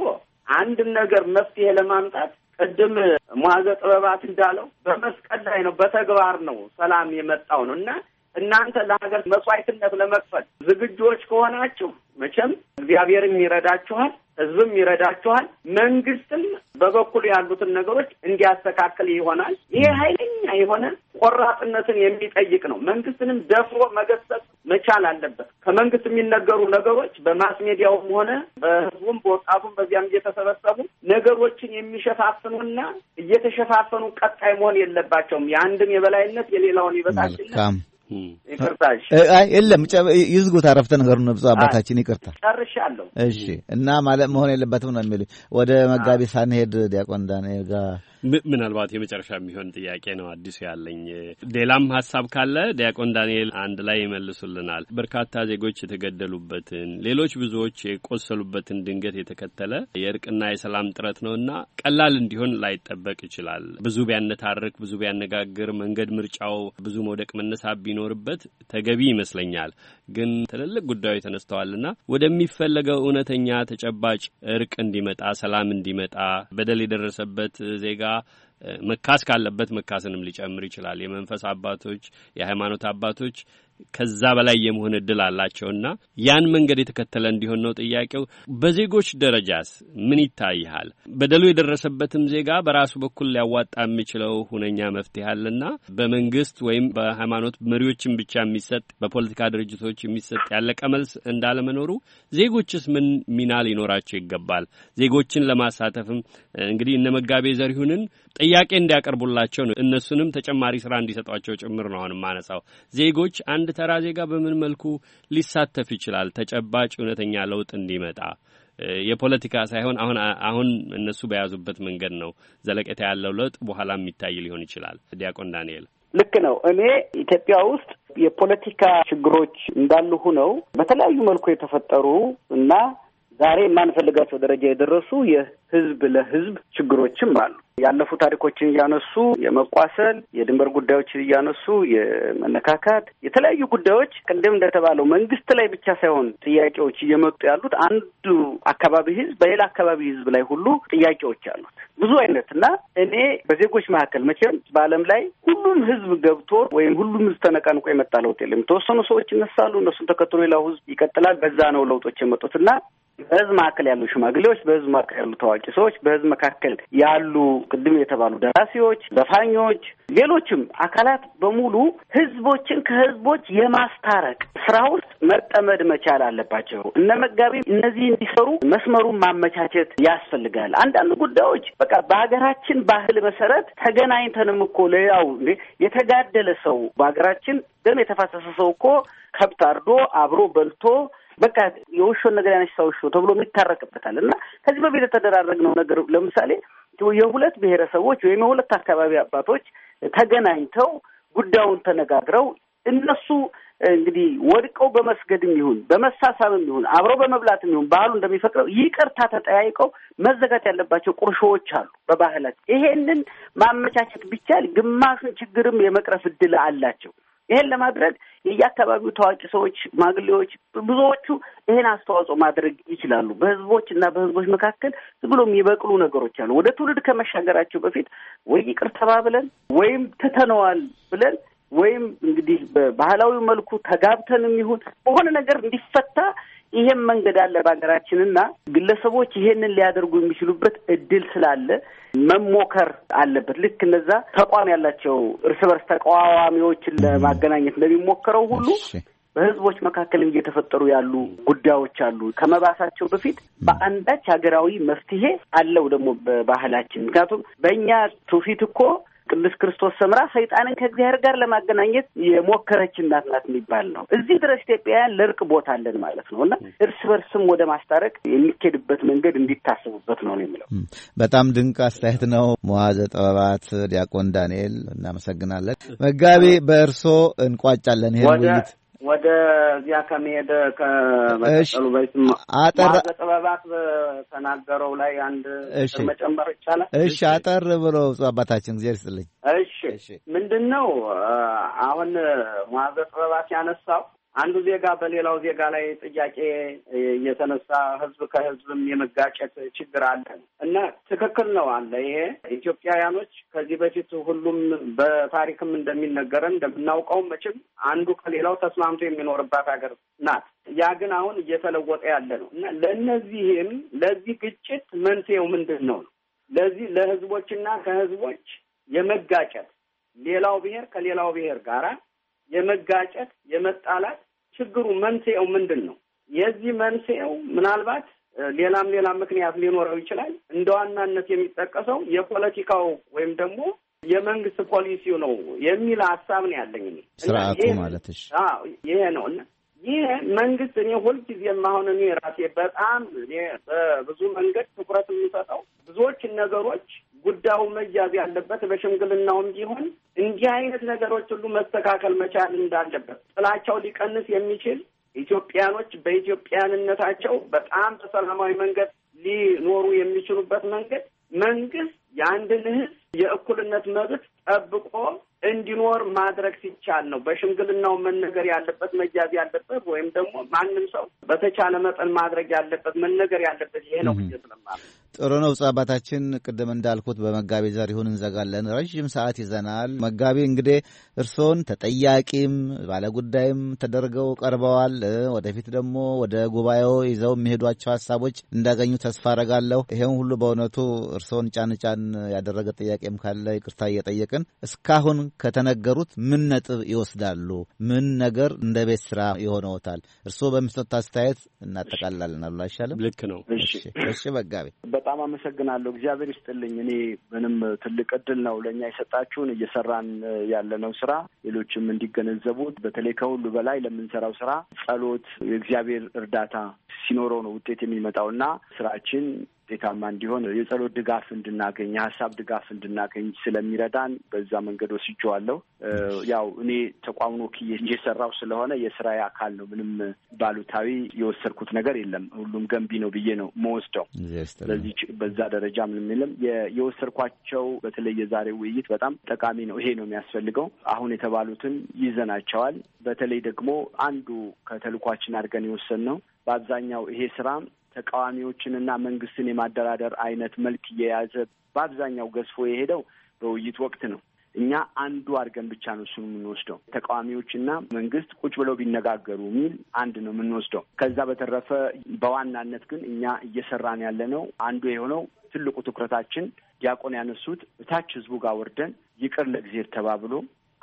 አንድን ነገር መፍትሄ ለማምጣት ቅድም ሟዘ ጥበባት እንዳለው በመስቀል ላይ ነው፣ በተግባር ነው ሰላም የመጣው ነው እና እናንተ ለሀገር መስዋዕትነት ለመክፈል ዝግጆች ከሆናችሁ መቼም እግዚአብሔርም ይረዳችኋል፣ ህዝብም ይረዳችኋል፣ መንግስትም በበኩሉ ያሉትን ነገሮች እንዲያስተካክል ይሆናል። ይሄ ኃይለኛ የሆነ ቆራጥነትን የሚጠይቅ ነው። መንግስትንም ደፍሮ መገሰጽ መቻል አለበት። ከመንግስት የሚነገሩ ነገሮች በማስሜዲያውም ሆነ በህዝቡም በወጣቱም በዚያም እየተሰበሰቡ ነገሮችን የሚሸፋፍኑና እየተሸፋፈኑ ቀጣይ መሆን የለባቸውም። የአንድን የበላይነት የሌላውን ይበታችነት ይቅርታ አይ የለም ይዝጉት። አረፍተ ነገር ብፁዕ አባታችን ይቅርታ ጨርሻለሁ። እሺ እና ማለት መሆን የለበትም ነው የሚሉ ወደ መጋቢ ሳንሄድ ዲያቆን ዳንኤል ጋር ምናልባት የመጨረሻ የሚሆን ጥያቄ ነው አዲሱ ያለኝ። ሌላም ሀሳብ ካለ ዲያቆን ዳንኤል አንድ ላይ ይመልሱልናል። በርካታ ዜጎች የተገደሉበትን፣ ሌሎች ብዙዎች የቆሰሉበትን ድንገት የተከተለ የእርቅና የሰላም ጥረት ነውና ቀላል እንዲሆን ላይጠበቅ ይችላል። ብዙ ቢያነታርክ፣ ብዙ ቢያነጋግር፣ መንገድ ምርጫው ብዙ መውደቅ መነሳብ ቢኖርበት ተገቢ ይመስለኛል። ግን ትልልቅ ጉዳዮች ተነስተዋልና ወደሚፈለገው እውነተኛ ተጨባጭ እርቅ እንዲመጣ፣ ሰላም እንዲመጣ በደል የደረሰበት ዜጋ መካስ ካለበት መካስንም ሊጨምር ይችላል። የመንፈስ አባቶች፣ የሃይማኖት አባቶች ከዛ በላይ የመሆን እድል አላቸውና ያን መንገድ የተከተለ እንዲሆን ነው ጥያቄው። በዜጎች ደረጃስ ምን ይታይሃል? በደሉ የደረሰበትም ዜጋ በራሱ በኩል ሊያዋጣ የሚችለው ሁነኛ መፍትሄ አለና በመንግስት ወይም በሃይማኖት መሪዎችን ብቻ የሚሰጥ በፖለቲካ ድርጅቶች የሚሰጥ ያለቀ መልስ እንዳለመኖሩ ዜጎችስ ምን ሚና ሊኖራቸው ይገባል? ዜጎችን ለማሳተፍም እንግዲህ እነ መጋቤ ዘሪሁንን ጥያቄ እንዲያቀርቡላቸው ነው እነሱንም ተጨማሪ ስራ እንዲሰጧቸው ጭምር ነው አሁን ማነሳው ዜጎች አንድ ተራ ዜጋ በምን መልኩ ሊሳተፍ ይችላል? ተጨባጭ እውነተኛ ለውጥ እንዲመጣ የፖለቲካ ሳይሆን አሁን አሁን እነሱ በያዙበት መንገድ ነው ዘለቀታ ያለው ለውጥ በኋላ የሚታይ ሊሆን ይችላል። ዲያቆን ዳንኤል ልክ ነው። እኔ ኢትዮጵያ ውስጥ የፖለቲካ ችግሮች እንዳሉ ሁነው በተለያዩ መልኩ የተፈጠሩ እና ዛሬ የማንፈልጋቸው ደረጃ የደረሱ የህዝብ ለህዝብ ችግሮችም አሉ። ያለፉ ታሪኮችን እያነሱ የመቋሰል የድንበር ጉዳዮችን እያነሱ የመነካካት የተለያዩ ጉዳዮች ቅድም እንደተባለው መንግስት ላይ ብቻ ሳይሆን ጥያቄዎች እየመጡ ያሉት አንዱ አካባቢ ህዝብ በሌላ አካባቢ ህዝብ ላይ ሁሉ ጥያቄዎች አሉት ብዙ አይነት እና እኔ በዜጎች መካከል መቼም በዓለም ላይ ሁሉም ህዝብ ገብቶ ወይም ሁሉም ህዝብ ተነቃንቆ የመጣ ለውጥ የለም። የተወሰኑ ሰዎች ይነሳሉ፣ እነሱን ተከትሎ ሌላው ህዝብ ይቀጥላል። በዛ ነው ለውጦች የመጡት እና በህዝብ መካከል ያሉ ሽማግሌዎች፣ በህዝብ መካከል ያሉ ታዋቂ ሰዎች፣ በህዝብ መካከል ያሉ ቅድም የተባሉ ደራሲዎች፣ ዘፋኞች፣ ሌሎችም አካላት በሙሉ ህዝቦችን ከህዝቦች የማስታረቅ ስራ ውስጥ መጠመድ መቻል አለባቸው። እነ መጋቢ እነዚህ እንዲሰሩ መስመሩን ማመቻቸት ያስፈልጋል። አንዳንድ ጉዳዮች በቃ በሀገራችን ባህል መሰረት ተገናኝተንም እኮ ለያው እንዴ የተጋደለ ሰው በሀገራችን ደም የተፋሰሰ ሰው እኮ ከብት አርዶ አብሮ በልቶ በቃ የውሾን ነገር ያነሳ ውሾ ተብሎ የሚታረቅበታል እና ከዚህ በፊት የተደራረግነው ነገር ለምሳሌ የሁለት ብሔረሰቦች ወይም የሁለት አካባቢ አባቶች ተገናኝተው ጉዳዩን ተነጋግረው እነሱ እንግዲህ ወድቀው በመስገድም ይሁን በመሳሳብም ይሁን አብረው በመብላትም ይሁን ባህሉ እንደሚፈቅደው ይቅርታ ተጠያይቀው መዘጋት ያለባቸው ቁርሾዎች አሉ በባህላት። ይሄንን ማመቻቸት ቢቻል ግማሹን ችግርም የመቅረፍ እድል አላቸው። ይሄን ለማድረግ የየአካባቢው ታዋቂ ሰዎች፣ ማግሌዎች ብዙዎቹ ይሄን አስተዋጽኦ ማድረግ ይችላሉ። በህዝቦች እና በህዝቦች መካከል ዝም ብሎ የሚበቅሉ ነገሮች አሉ። ወደ ትውልድ ከመሻገራቸው በፊት ወይ ይቅር ተባብለን ወይም ትተነዋል ብለን ወይም እንግዲህ በባህላዊ መልኩ ተጋብተንም ይሁን በሆነ ነገር እንዲፈታ ይሄም መንገድ አለ በሀገራችንና ግለሰቦች ይሄንን ሊያደርጉ የሚችሉበት እድል ስላለ መሞከር አለበት። ልክ እነዛ ተቋም ያላቸው እርስ በርስ ተቃዋሚዎችን ለማገናኘት እንደሚሞከረው ሁሉ በህዝቦች መካከል እየተፈጠሩ ያሉ ጉዳዮች አሉ። ከመባሳቸው በፊት በአንዳች ሀገራዊ መፍትሄ አለው ደግሞ በባህላችን። ምክንያቱም በእኛ ትውፊት እኮ ቅዱስ ክርስቶስ ሰምራ ሰይጣንን ከእግዚአብሔር ጋር ለማገናኘት የሞከረች እናት ናት የሚባል ነው። እዚህ ድረስ ኢትዮጵያውያን ለእርቅ ቦታ አለን ማለት ነው እና እርስ በርስም ወደ ማስታረቅ የሚኬድበት መንገድ እንዲታስቡበት ነው የሚለው በጣም ድንቅ አስተያየት ነው። መዋዘ ጥበባት ዲያቆን ዳንኤል እናመሰግናለን። መጋቢ በእርሶ እንቋጫለን ይህን ውይይት። ወደዚያ ከመሄደ ከመቀጠሉ በፊት አጠር ጥበባት ተናገረው ላይ አንድ መጨመር ይቻላል? እሺ፣ አጠር ብሎ አባታችን ጊዜ ስጥልኝ። እሺ፣ ምንድን ነው አሁን ሟዘ ጥበባት ያነሳው አንዱ ዜጋ በሌላው ዜጋ ላይ ጥያቄ የተነሳ ህዝብ ከህዝብም የመጋጨት ችግር አለ እና ትክክል ነው አለ። ይሄ ኢትዮጵያውያኖች ከዚህ በፊት ሁሉም በታሪክም እንደሚነገረን እንደምናውቀው መቼም አንዱ ከሌላው ተስማምቶ የሚኖርባት ሀገር ናት። ያ ግን አሁን እየተለወጠ ያለ ነው እና ለእነዚህም ለዚህ ግጭት መንስኤው ምንድን ነው? ለዚህ ለህዝቦችና ከህዝቦች የመጋጨት ሌላው ብሔር ከሌላው ብሔር ጋራ የመጋጨት የመጣላት ችግሩ መንስኤው ምንድን ነው? የዚህ መንስኤው ምናልባት ሌላም ሌላም ምክንያት ሊኖረው ይችላል። እንደ ዋናነት የሚጠቀሰው የፖለቲካው ወይም ደግሞ የመንግስት ፖሊሲው ነው የሚል ሀሳብ ነው ያለኝ። ስርአቱ ማለት ይሄ ነው እና ይህ መንግስት እኔ ሁልጊዜም አሁን እኔ ራሴ በጣም በብዙ መንገድ ትኩረት የምሰጠው ብዙዎች ነገሮች ጉዳዩ መያዝ ያለበት በሽምግልናውም ቢሆን እንዲህ አይነት ነገሮች ሁሉ መስተካከል መቻል እንዳለበት ጥላቻው ሊቀንስ የሚችል ኢትዮጵያኖች በኢትዮጵያንነታቸው በጣም በሰላማዊ መንገድ ሊኖሩ የሚችሉበት መንገድ መንግስት የአንድን ሕዝብ የእኩልነት መብት ጠብቆ እንዲኖር ማድረግ ሲቻል ነው በሽምግልናው መነገር ያለበት መያዝ ያለበት ወይም ደግሞ ማንም ሰው በተቻለ መጠን ማድረግ ያለበት መነገር ያለበት ይሄ ነው ብዬ ስለማለት ጥሩ ነው። ጸባታችን ቅድም እንዳልኩት ዘር ዘሪሁን እንዘጋለን። ረዥም ሰዓት ይዘናል። መጋቢ እንግዲህ እርስዎን ተጠያቂም ባለጉዳይም ተደርገው ቀርበዋል። ወደፊት ደግሞ ወደ ጉባኤው ይዘው የሚሄዷቸው ሀሳቦች እንዳገኙ ተስፋ አረጋለሁ። ይሄም ሁሉ በእውነቱ እርስዎን ጫን ጫን ያደረገ ጥያቄም ካለ ይቅርታ እየጠየቅን እስካሁን ከተነገሩት ምን ነጥብ ይወስዳሉ? ምን ነገር እንደ ቤት ስራ ይሆነዎታል? እርስዎ በሚሰጡት አስተያየት እናጠቃላለን። አሉ አይሻልም? ልክ ነው። እሺ መጋቢ በጣም አመሰግናለሁ። እግዚአብሔር ይስጥልኝ። እኔ ምንም ትልቅ እድል ነው ለእኛ የሰጣችሁን እየሰራን ያለነው ስራ ሌሎችም እንዲገነዘቡት፣ በተለይ ከሁሉ በላይ ለምንሰራው ስራ ጸሎት፣ የእግዚአብሔር እርዳታ ሲኖረው ነው ውጤት የሚመጣው እና ስራችን ውጤታማ እንዲሆን የጸሎት ድጋፍ እንድናገኝ የሀሳብ ድጋፍ እንድናገኝ ስለሚረዳን በዛ መንገድ ወስጄዋለሁ። ያው እኔ ተቋሙን ወክዬ እየሰራው ስለሆነ የስራ አካል ነው። ምንም ባሉታዊ የወሰድኩት ነገር የለም። ሁሉም ገንቢ ነው ብዬ ነው መወስደው። ስለዚህ በዛ ደረጃ ምንም የለም የወሰድኳቸው። በተለይ የዛሬው ውይይት በጣም ጠቃሚ ነው። ይሄ ነው የሚያስፈልገው። አሁን የተባሉትን ይዘናቸዋል። በተለይ ደግሞ አንዱ ከተልኳችን አድርገን የወሰን ነው በአብዛኛው ይሄ ስራ ተቃዋሚዎችንና መንግስትን የማደራደር አይነት መልክ እየያዘ በአብዛኛው ገዝፎ የሄደው በውይይት ወቅት ነው። እኛ አንዱ አድርገን ብቻ ነው እሱን የምንወስደው። ተቃዋሚዎችና መንግስት ቁጭ ብለው ቢነጋገሩ የሚል አንድ ነው የምንወስደው። ከዛ በተረፈ በዋናነት ግን እኛ እየሰራን ያለ ነው አንዱ የሆነው ትልቁ ትኩረታችን ዲያቆን ያነሱት እታች ህዝቡ ጋር ወርደን ይቅር ለእግዜር ተባብሎ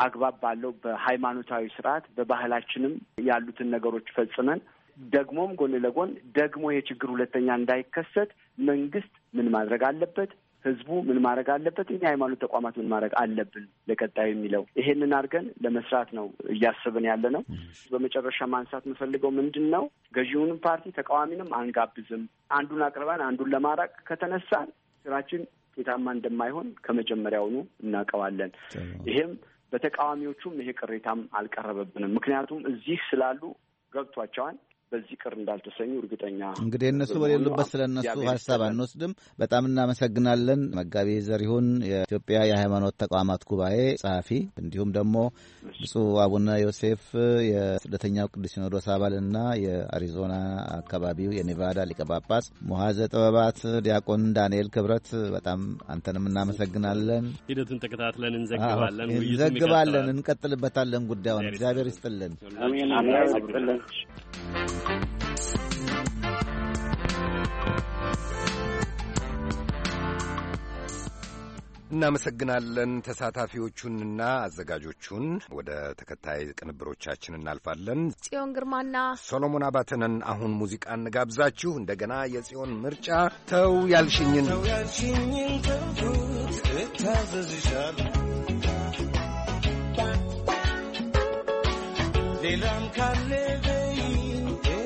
አግባብ ባለው በሃይማኖታዊ ስርዓት በባህላችንም ያሉትን ነገሮች ፈጽመን ደግሞም ጎን ለጎን ደግሞ የችግር ሁለተኛ እንዳይከሰት መንግስት ምን ማድረግ አለበት? ህዝቡ ምን ማድረግ አለበት? እኛ ሃይማኖት ተቋማት ምን ማድረግ አለብን? ለቀጣዩ የሚለው ይሄንን አድርገን ለመስራት ነው እያስብን ያለ ነው። በመጨረሻ ማንሳት የምፈልገው ምንድን ነው፣ ገዢውንም ፓርቲ ተቃዋሚንም አንጋብዝም። አንዱን አቅርበን አንዱን ለማራቅ ከተነሳን ስራችን ውጤታማ እንደማይሆን ከመጀመሪያውኑ እናውቀዋለን። ይሄም በተቃዋሚዎቹም ይሄ ቅሬታም አልቀረበብንም። ምክንያቱም እዚህ ስላሉ ገብቷቸዋል። በዚህ ቅር እንዳልተሰኙ እርግጠኛ። እንግዲህ እነሱ በሌሉበት ስለ እነሱ ሀሳብ አንወስድም። በጣም እናመሰግናለን። መጋቢ ዘሪሁን የኢትዮጵያ የሃይማኖት ተቋማት ጉባኤ ጸሐፊ፣ እንዲሁም ደግሞ ብፁዕ አቡነ ዮሴፍ የስደተኛው ቅዱስ ሲኖዶስ አባልና የአሪዞና አካባቢው የኔቫዳ ሊቀ ጳጳስ፣ ጥበባት ዲያቆን ዳንኤል ክብረት፣ በጣም አንተንም እናመሰግናለን። ሂደቱን ተከታትለን እንዘግባለን፣ እንዘግባለን፣ እንቀጥልበታለን ጉዳዩን። እግዚአብሔር ይስጥልን። እናመሰግናለን ተሳታፊዎቹንና አዘጋጆቹን። ወደ ተከታይ ቅንብሮቻችን እናልፋለን። ጽዮን ግርማና ሶሎሞን አባተንን አሁን ሙዚቃ እንጋብዛችሁ። እንደገና የጽዮን ምርጫ ተው ያልሽኝን ተው ያልሽኝን ተውት እታዘዝሻል ሌላም ካለ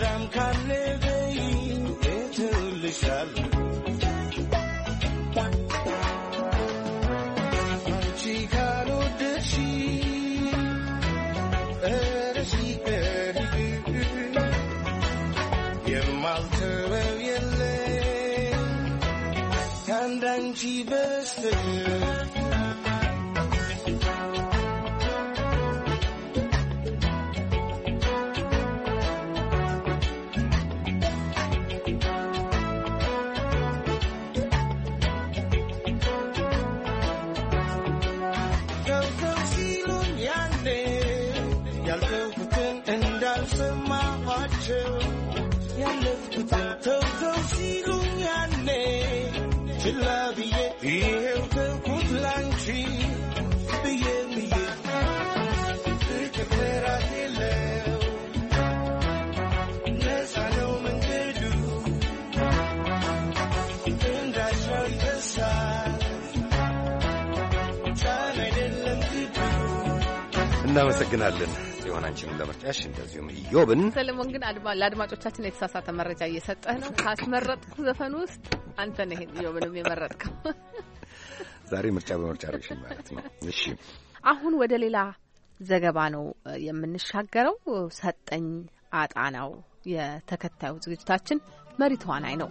gram ካለ ትልሻል አንቺ ካልወደድሽ እረሺ የማልተወው የለ ከአንዳንቺ በስተቀር እናመሰግናለን ጽዮን፣ አንቺንም ለምርጫሽ እንደዚሁም እዮብን። ሰለሞን ግን ለአድማጮቻችን የተሳሳተ መረጃ እየሰጠህ ነው። ካስመረጥኩ ዘፈን ውስጥ አንተ ነህ እዮብንም የመረጥከው። ዛሬ ምርጫ በምርጫ ሬሽን ማለት ነው። እሺ፣ አሁን ወደ ሌላ ዘገባ ነው የምንሻገረው። ሰጠኝ አጣናው የተከታዩ ዝግጅታችን መሪ ተዋናይ ነው።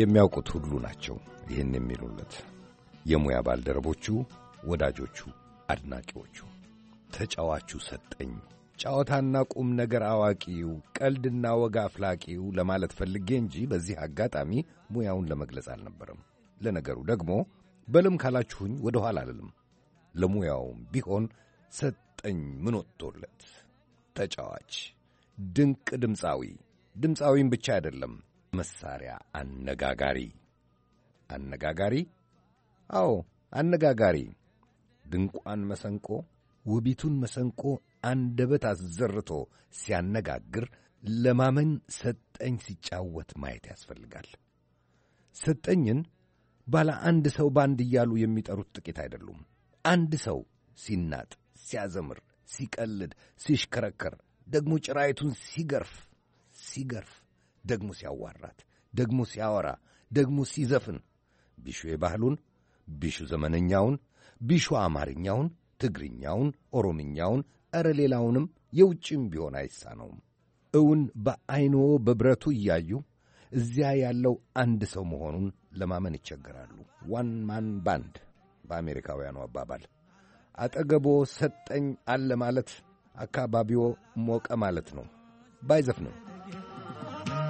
የሚያውቁት ሁሉ ናቸው ይህን የሚሉለት የሙያ ባልደረቦቹ፣ ወዳጆቹ፣ አድናቂዎቹ። ተጫዋቹ ሰጠኝ፣ ጨዋታና ቁም ነገር አዋቂው፣ ቀልድና ወግ አፍላቂው ለማለት ፈልጌ እንጂ በዚህ አጋጣሚ ሙያውን ለመግለጽ አልነበረም። ለነገሩ ደግሞ በልም ካላችሁኝ ወደ ኋላ አልልም። ለሙያውም ቢሆን ሰጠኝ ምን ወጥቶለት ተጫዋች፣ ድንቅ ድምፃዊ ድምፃዊም ብቻ አይደለም መሳሪያ አነጋጋሪ አነጋጋሪ አዎ አነጋጋሪ ድንቋን መሰንቆ ውቢቱን መሰንቆ አንደበት አዘርቶ ሲያነጋግር ለማመን ሰጠኝ ሲጫወት ማየት ያስፈልጋል። ሰጠኝን ባለ አንድ ሰው በአንድ እያሉ የሚጠሩት ጥቂት አይደሉም። አንድ ሰው ሲናጥ፣ ሲያዘምር፣ ሲቀልድ፣ ሲሽከረከር ደግሞ ጭራይቱን ሲገርፍ ሲገርፍ ደግሞ ሲያዋራት፣ ደግሞ ሲያወራ፣ ደግሞ ሲዘፍን ቢሹ የባህሉን ቢሹ ዘመነኛውን ቢሹ አማርኛውን፣ ትግርኛውን፣ ኦሮምኛውን ኧረ ሌላውንም የውጭም ቢሆን አይሳነውም። እውን በዐይኖ በብረቱ እያዩ እዚያ ያለው አንድ ሰው መሆኑን ለማመን ይቸገራሉ። ዋን ማን ባንድ በአሜሪካውያኑ አባባል አጠገቦ ሰጠኝ አለ ማለት አካባቢዎ ሞቀ ማለት ነው። ነው።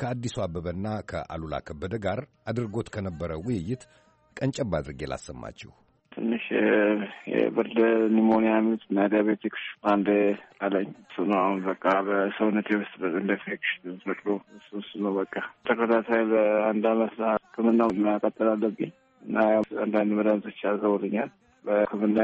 ከአዲሱ አበበና ከአሉላ ከበደ ጋር አድርጎት ከነበረ ውይይት ቀንጨብ አድርጌ ላሰማችሁ። ትንሽ የብርድ ኒሞኒያ ምት እና ዲያቤቲክስ አንድ አለኝ። እሱ ነው አሁን በቃ በሰውነቴ ውስጥ እንደ ኢንፌክሽን ፈቅዶ እሱ እሱ ነው በቃ ተከታታይ ለአንድ አመት ሕክምናው መቀጠል አለብኝ እና አንዳንድ መድኃኒቶች ያዘውልኛል በሕክምና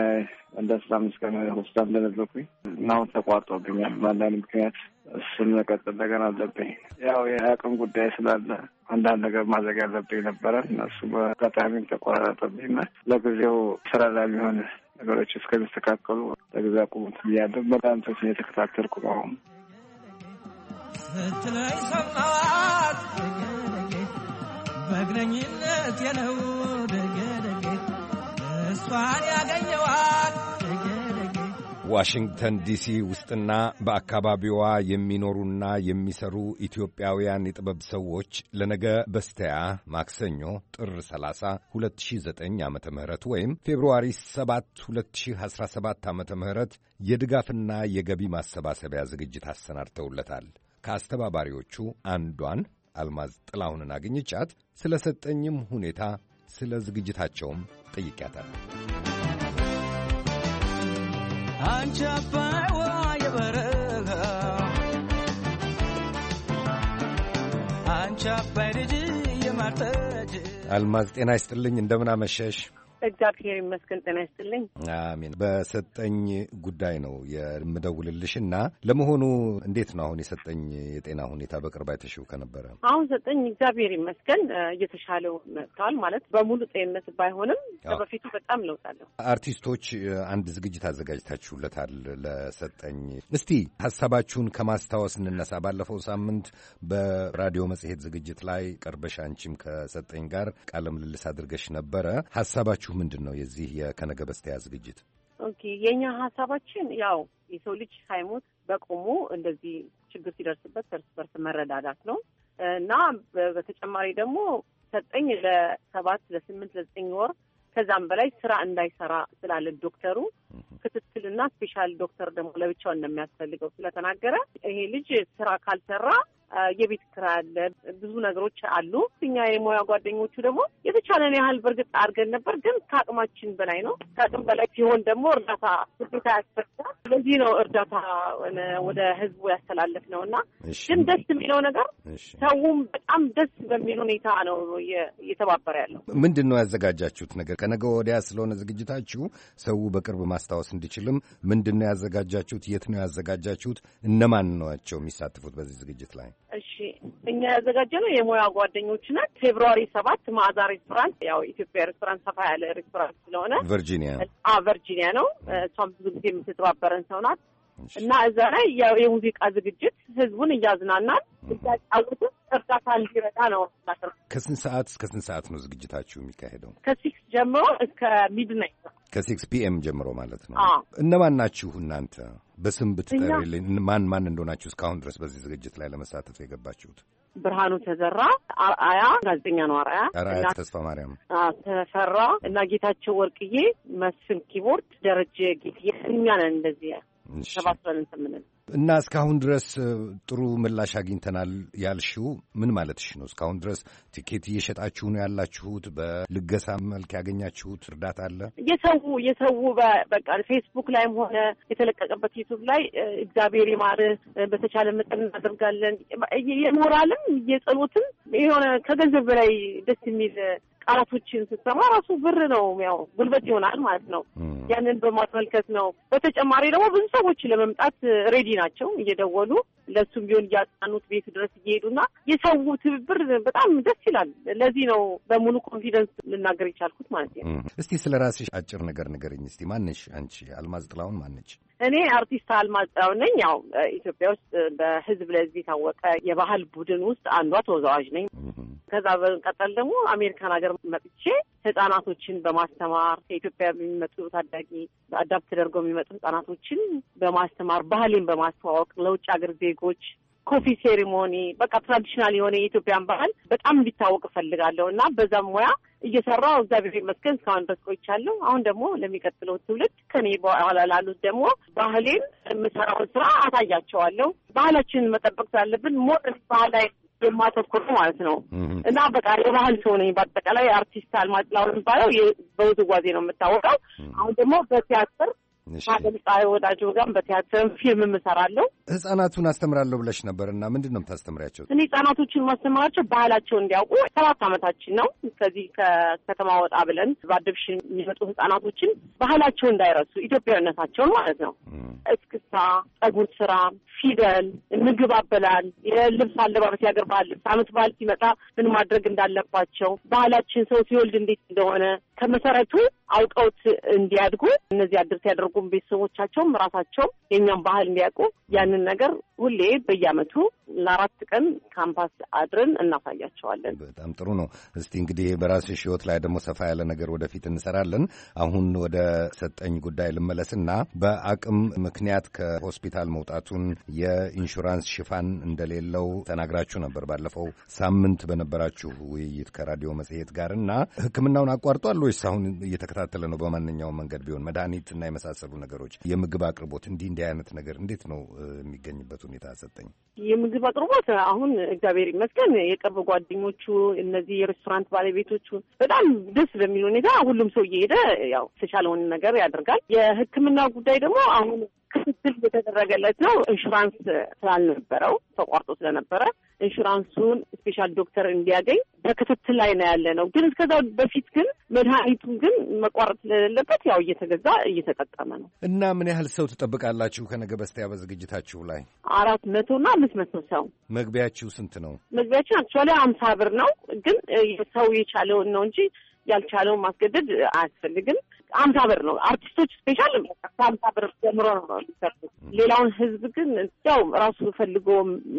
እንደ አስራ አምስት ቀን ሆስፒታል እንደነበርኩኝ እና አሁን ተቋርጦብኛል። በአንዳንድ ምክንያት እሱን መቀጠል እንደገና አለብኝ። ያው የአቅም ጉዳይ ስላለ አንዳንድ ነገር ማድረግ ያለብኝ ነበረ እነሱ በአጋጣሚ ተቆራረጠብኝ እና ለጊዜው ስራ ላይ የሚሆን ነገሮች እስከሚስተካከሉ ለጊዜ አቁሙት ብያለሁ። በጣም ሰች የተከታተልኩ አሁን ስትለኝ ሰማት በእግረኝነት የለው እሷን ያገኘዋት ዋሽንግተን ዲሲ ውስጥና በአካባቢዋ የሚኖሩና የሚሰሩ ኢትዮጵያውያን የጥበብ ሰዎች ለነገ በስተያ ማክሰኞ ጥር 30 2009 ዓ ም ወይም ፌብርዋሪ 7 2017 ዓ ም የድጋፍና የገቢ ማሰባሰቢያ ዝግጅት አሰናድተውለታል። ከአስተባባሪዎቹ አንዷን አልማዝ ጥላሁንን አግኝቻት ስለ ሰጠኝም ሁኔታ ስለ ዝግጅታቸውም ጠይቄያታለሁ። አባይ አልማዝ ጤና ይስጥልኝ። እንደምን አመሸሽ? እግዚአብሔር ይመስገን። ጤና ይስጥልኝ። አሜን። በሰጠኝ ጉዳይ ነው የምደውልልሽ እና ለመሆኑ እንዴት ነው አሁን የሰጠኝ የጤና ሁኔታ በቅርብ አይተሽው ከነበረ? አሁን ሰጠኝ እግዚአብሔር ይመስገን እየተሻለው መጥተዋል። ማለት በሙሉ ጤንነት ባይሆንም በፊቱ በጣም ለውጣለሁ። አርቲስቶች አንድ ዝግጅት አዘጋጅታችሁለታል ለሰጠኝ። እስቲ ሀሳባችሁን ከማስታወስ እንነሳ። ባለፈው ሳምንት በራዲዮ መጽሔት ዝግጅት ላይ ቀርበሽ አንቺም ከሰጠኝ ጋር ቃለ ምልልስ አድርገሽ ነበረ። ሀሳባችሁ ምንድን ነው የዚህ የከነገ በስቲያ ዝግጅት? ኦኬ የእኛ ሀሳባችን ያው የሰው ልጅ ሳይሞት በቆሞ እንደዚህ ችግር ሲደርስበት እርስ በርስ መረዳዳት ነው እና በተጨማሪ ደግሞ ሰጠኝ ለሰባት ለስምንት ለዘጠኝ ወር ከዛም በላይ ስራ እንዳይሰራ ስላለ ዶክተሩ ክትትልና ስፔሻል ዶክተር ደግሞ ለብቻው እንደሚያስፈልገው ስለተናገረ ይሄ ልጅ ስራ ካልሰራ የቤት ስራ አለ፣ ብዙ ነገሮች አሉ። እኛ የሙያ ጓደኞቹ ደግሞ የተቻለን ያህል በእርግጥ አድርገን ነበር፣ ግን ከአቅማችን በላይ ነው። ከአቅም በላይ ሲሆን ደግሞ እርዳታ ግዴታ ያስፈልጋል። ስለዚህ ነው እርዳታ ወደ ህዝቡ ያስተላለፍ ነው እና ግን ደስ የሚለው ነገር ሰውም በጣም ደስ በሚል ሁኔታ ነው እየተባበረ ያለው። ምንድን ነው ያዘጋጃችሁት ነገር? ከነገ ወዲያ ስለሆነ ዝግጅታችሁ ሰው በቅርብ ማስታወስ እንዲችልም ምንድን ነው ያዘጋጃችሁት? የት ነው ያዘጋጃችሁት? እነማን ናቸው የሚሳተፉት በዚህ ዝግጅት ላይ? እሺ እኛ ያዘጋጀነው የሙያ ጓደኞች ናት ፌብርዋሪ ሰባት ማዕዛ ሬስቶራንት ያው ኢትዮጵያ ሬስቶራንት ሰፋ ያለ ሬስቶራንት ስለሆነ ቨርጂኒያ ቨርጂኒያ ነው። እሷም ብዙ ጊዜ የምትተባበረን ሰው ናት። እና እዛ ላይ የሙዚቃ ዝግጅት ህዝቡን እያዝናናል እያጫወቱ እርዳታ እንዲረዳ ነው። ከስንት ሰዓት እስከ ስንት ሰዓት ነው ዝግጅታችሁ የሚካሄደው? ከሲክስ ጀምሮ እስከ ሚድናይት ነው። ከሲክስ ፒኤም ጀምሮ ማለት ነው። እነማን ናችሁ እናንተ? በስም ብትጠሪልኝ ማን ማን እንደሆናችሁ እስካሁን ድረስ በዚህ ዝግጅት ላይ ለመሳተፍ የገባችሁት? ብርሃኑ ተዘራ፣ አርአያ ጋዜጠኛ ነው። አርአያ አርአያ ተስፋ ማርያም ተፈራ እና ጌታቸው ወርቅዬ፣ መስፍን ኪቦርድ፣ ደረጀ ጌትዬ፣ እኛ ነን እንደዚህ ተባብረን እና እስካሁን ድረስ ጥሩ ምላሽ አግኝተናል ያልሽው ምን ማለትሽ ነው? እስካሁን ድረስ ቲኬት እየሸጣችሁ ነው ያላችሁት? በልገሳ መልክ ያገኛችሁት እርዳታ አለ? የሰው እየሰዉ በቃ ፌስቡክ ላይም ሆነ የተለቀቀበት ዩቱብ ላይ እግዚአብሔር ይማርህ በተቻለ መጠን እናደርጋለን የሞራልም የጸሎትም የሆነ ከገንዘብ በላይ ደስ የሚል ቃላቶችን ስትሰማ ራሱ ብር ነው ያው ጉልበት ይሆናል ማለት ነው። ያንን በማስመልከት ነው። በተጨማሪ ደግሞ ብዙ ሰዎች ለመምጣት ሬዲ ናቸው እየደወሉ ለእሱም ቢሆን እያጣኑት ቤቱ ድረስ እየሄዱና የሰው ትብብር በጣም ደስ ይላል። ለዚህ ነው በሙሉ ኮንፊደንስ ልናገር የቻልኩት ማለት ነው። እስቲ ስለ ራስሽ አጭር ነገር ንገርኝ እስቲ። ማነሽ አንቺ? አልማዝ ጥላሁን ማነች? እኔ አርቲስት አልማዝ ጥላው ነኝ። ያው ኢትዮጵያ ውስጥ በህዝብ ለህዝብ የታወቀ የባህል ቡድን ውስጥ አንዷ ተወዛዋዥ ነኝ። ከዛ በመቀጠል ደግሞ አሜሪካን ሀገር መጥቼ ህጻናቶችን በማስተማር ከኢትዮጵያ የሚመጡ ታዳጊ አዳፕት ተደርገው የሚመጡ ህጻናቶችን በማስተማር ባህሌን በማስተዋወቅ ለውጭ ሀገር ዜጎች ኮፊ ሴሪሞኒ በቃ ትራዲሽናል የሆነ የኢትዮጵያን ባህል በጣም እንዲታወቅ እፈልጋለሁ እና በዛም ሙያ እየሰራው እግዚአብሔር ይመስገን እስካሁን ድረስ ቆይቻለሁ። አሁን ደግሞ ለሚቀጥለው ትውልድ ከኔ በኋላ ላሉት ደግሞ ባህሌን የምሰራውን ስራ አሳያቸዋለሁ። ባህላችንን መጠበቅ ስላለብን ሞ ባህል ላይ የማተኩር ማለት ነው እና በቃ የባህል ሰው ነኝ። በአጠቃላይ አርቲስት አልማዝ ጥላሁን የሚባለው በውዝዋዜ ነው የምታወቀው። አሁን ደግሞ በቲያትር ከድምፃዊ ወዳጆ ጋር በቲያትርም ፊልም እሰራለሁ። ህጻናቱን አስተምራለሁ ብለሽ ነበር እና ምንድን ነው የምታስተምሪያቸው? እኔ ህጻናቶችን ማስተምራቸው ባህላቸው እንዲያውቁ ሰባት ዓመታችን ነው። ከዚህ ከከተማ ወጣ ብለን በአደብሽን የሚመጡ ህጻናቶችን ባህላቸው እንዳይረሱ ኢትዮጵያዊነታቸውን ማለት ነው። እስክስታ፣ ጸጉር ስራ፣ ፊደል፣ ምግብ አበላል፣ የልብስ አለባበስ፣ የአገር ባህል ልብስ፣ አመት በዓል ሲመጣ ምን ማድረግ እንዳለባቸው ባህላችን ሰው ሲወልድ እንዴት እንደሆነ ከመሰረቱ አውቀውት እንዲያድጉ እነዚህ አድርስ ያደርጉ የሚያውቁም ቤተሰቦቻቸውም ራሳቸው የእኛም ባህል እንዲያውቁ ያንን ነገር ሁሌ በየዓመቱ ለአራት ቀን ካምፓስ አድረን እናሳያቸዋለን። በጣም ጥሩ ነው። እስቲ እንግዲህ በራስሽ ሕይወት ላይ ደግሞ ሰፋ ያለ ነገር ወደፊት እንሰራለን። አሁን ወደ ሰጠኝ ጉዳይ ልመለስና በአቅም ምክንያት ከሆስፒታል መውጣቱን የኢንሹራንስ ሽፋን እንደሌለው ተናግራችሁ ነበር ባለፈው ሳምንት በነበራችሁ ውይይት ከራዲዮ መጽሔት ጋር እና ህክምናውን አቋርጧል ወይስ አሁን እየተከታተለ ነው? በማንኛውም መንገድ ቢሆን መድኃኒት እና የመሳሰሉ የመሳሰሉ ነገሮች የምግብ አቅርቦት እንዲህ እንዲህ አይነት ነገር እንዴት ነው የሚገኝበት ሁኔታ ሰጠኝ። የምግብ አቅርቦት አሁን እግዚአብሔር ይመስገን የቅርብ ጓደኞቹ እነዚህ የሬስቶራንት ባለቤቶቹ በጣም ደስ በሚል ሁኔታ ሁሉም ሰው እየሄደ ያው የተሻለውን ነገር ያደርጋል። የሕክምና ጉዳይ ደግሞ አሁን ክትትል እየተደረገለት ነው። ኢንሹራንስ ስላልነበረው ተቋርጦ ስለነበረ ኢንሹራንሱን ስፔሻል ዶክተር እንዲያገኝ በክትትል ላይ ነው ያለ ነው። ግን እስከዛ በፊት ግን መድኃኒቱ ግን መቋረጥ ስለሌለበት ያው እየተገዛ እየተጠቀመ ነው። እና ምን ያህል ሰው ትጠብቃላችሁ? ከነገ በስቲያ በዝግጅታችሁ ላይ አራት መቶ እና አምስት መቶ ሰው። መግቢያችሁ ስንት ነው? መግቢያችን አክቹዋሊ አምሳ ብር ነው። ግን ሰው የቻለውን ነው እንጂ ያልቻለውን ማስገደድ አያስፈልግም። አምሳ ብር ነው አርቲስቶች ስፔሻል ከአምሳ ብር ጀምሮ ነው የሚሰሩት። ሌላውን ህዝብ ግን ያው ራሱ ፈልጎ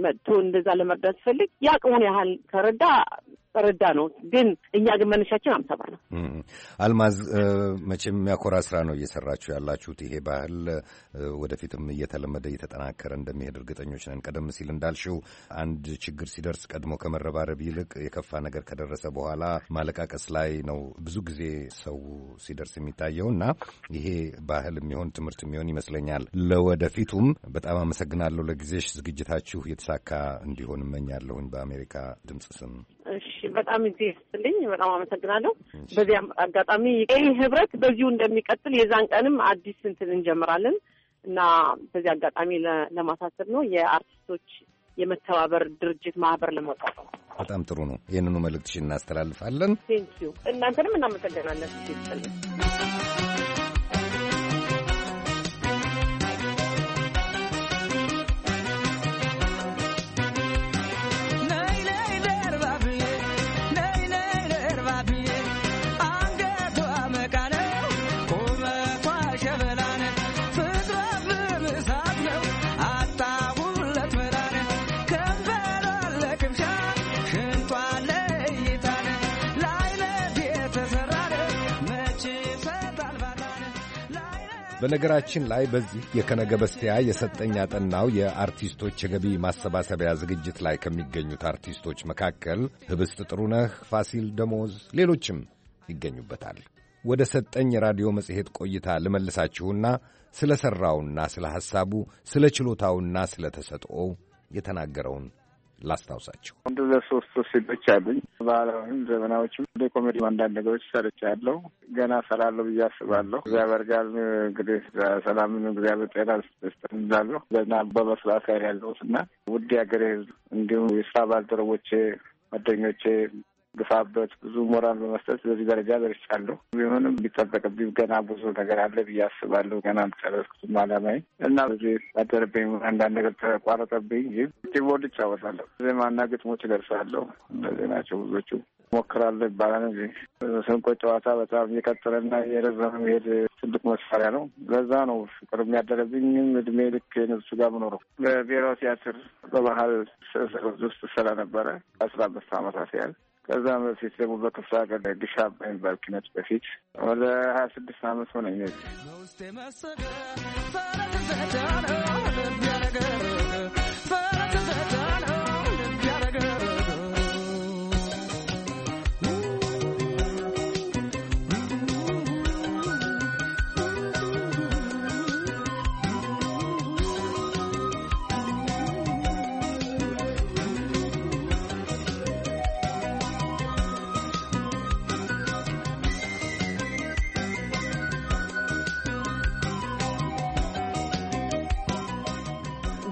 መጥቶ እንደዛ ለመርዳት ሲፈልግ የአቅሙን ያህል ከረዳ ረዳ ነው። ግን እኛ ግን መነሻችን አምሳባ ነው። አልማዝ መቼም የሚያኮራ ስራ ነው እየሰራችሁ ያላችሁት። ይሄ ባህል ወደፊትም እየተለመደ እየተጠናከረ እንደሚሄድ እርግጠኞች ነን። ቀደም ሲል እንዳልሽው አንድ ችግር ሲደርስ ቀድሞ ከመረባረብ ይልቅ የከፋ ነገር ከደረሰ በኋላ ማለቃቀስ ላይ ነው ብዙ ጊዜ ሰው ሲደርስ የሚታየው እና ይሄ ባህል የሚሆን ትምህርት የሚሆን ይመስለኛል ለወደፊቱም። በጣም አመሰግናለሁ ለጊዜሽ። ዝግጅታችሁ የተሳካ እንዲሆን እመኛለሁኝ በአሜሪካ ድምፅ ስም። እሺ፣ በጣም ጊዜ ይስጥልኝ። በጣም አመሰግናለሁ። በዚህ አጋጣሚ ይህ ህብረት በዚሁ እንደሚቀጥል የዛን ቀንም አዲስ እንትን እንጀምራለን እና በዚህ አጋጣሚ ለማሳሰብ ነው የአርቲስቶች የመተባበር ድርጅት ማህበር ለመቋቋም በጣም ጥሩ ነው። ይህንኑ መልእክትሽ እናስተላልፋለን። ቴንኪዩ። እናንተንም እናመሰግናለን። በነገራችን ላይ በዚህ የከነገ በስቲያ የሰጠኝ ያጠናው የአርቲስቶች የገቢ ማሰባሰቢያ ዝግጅት ላይ ከሚገኙት አርቲስቶች መካከል ህብስት ጥሩነህ፣ ፋሲል ደሞዝ፣ ሌሎችም ይገኙበታል። ወደ ሰጠኝ የራዲዮ መጽሔት ቆይታ ልመልሳችሁና ስለ ሠራውና ስለ ሐሳቡ፣ ስለ ችሎታውና ስለ ተሰጥኦው የተናገረውን ላስታውሳቸው። አንድ ለሶስት ሲዶች አሉኝ። ባህላዊም ዘመናዎችም እንደ ኮሜዲ አንዳንድ ነገሮች ሰርቻለሁ። ገና ሰራለሁ ብዬ አስባለሁ። እግዚአብሔር ጋር እንግዲህ ሰላምን እግዚአብሔር ጤና ስጠን እንዳለሁ ገና በመስራት ላይ ያለሁት እና ውድ የሀገሬ ሕዝብ እንዲሁም የስራ ባልደረቦቼ ጓደኞቼ ግፋበት፣ ብዙ ሞራል በመስጠት በዚህ ደረጃ ደርሻለሁ። ቢሆንም ቢጠበቅብኝ ገና ብዙ ነገር አለ ብዬ አስባለሁ። ገና አልጨረስኩትም አላማዬ እና በዚህ ያደረብኝ አንዳንድ ነገር ተቋረጠብኝ እ ቦርድ ይጫወታለሁ፣ ዜማና ግጥሞች ደርሳለሁ። እነዚህ ናቸው ብዙዎቹ ሞክራለሁ ይባላል እንጂ ስንቆ ጨዋታ በጣም እየቀጠለና እየረዘመ መሄድ ትልቅ መሳሪያ ነው። ለዛ ነው ፍቅር የሚያደረብኝ እድሜ ልክ ነሱ ጋር ምኖረው በብሔራዊ ቲያትር በባህል ስዕል ውስጥ ስለነበረ አስራ አምስት አመታት ያህል ከዛም በፊት ደግሞ በክፍለ ሀገር ዲሻ በሚባል ኪነት በፊት ወደ ሀያ ስድስት አመት ሆነኝ።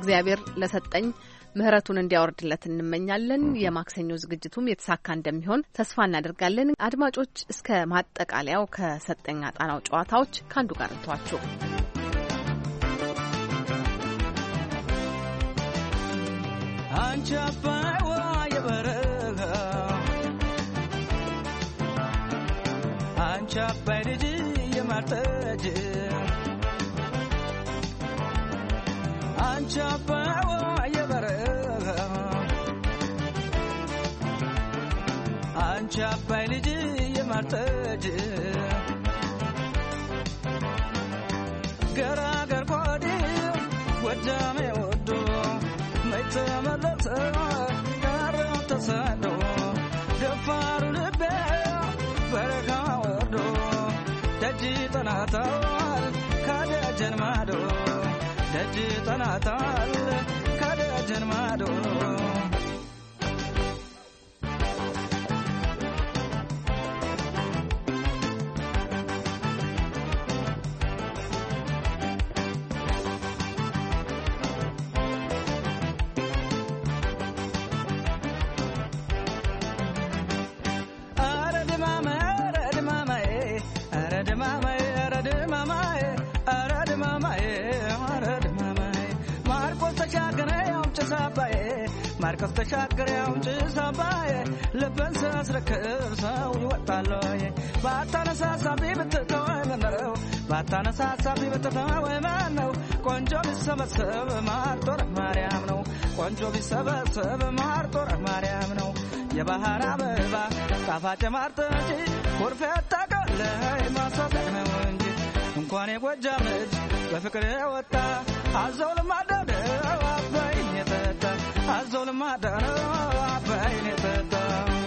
እግዚአብሔር ለሰጠኝ ምሕረቱን እንዲያወርድለት እንመኛለን። የማክሰኞ ዝግጅቱም የተሳካ እንደሚሆን ተስፋ እናደርጋለን። አድማጮች፣ እስከ ማጠቃለያው ከሰጠኛ ጣናው ጨዋታዎች ከአንዱ ጋር እንተዋችሁ። አንቺ አባይ ልጅ አንቺ አባይ ልጅ የማርጠጅ ገራገር ቆዲ ወዳሜ ደፋሩ ልቤ በረካ ደጅ ጠናተው తాను ማርቆስ ተሻገሪያው ጭስ አባዬ ልብን ሳስረክብ ሰው ይወጣለይ ባታነሳሳቢ ብትተወይ መነው ባታነሳሳቢ ብትተወይ መነው ቆንጆ ቢሰበሰብ ማር ጦር ማርያም ነው ቆንጆ ቢሰበሰብ ማር ጦር ማርያም ነው የባህር አበባ ጣፋጭ ማርጠጪ ኩርፌት ታቀለይ ማሳሰቅ ነው እንጂ እንኳን የጎጃም እጅ በፍቅር የወጣ አዘው ልማደደዋ الظلمات نوع بعين تتم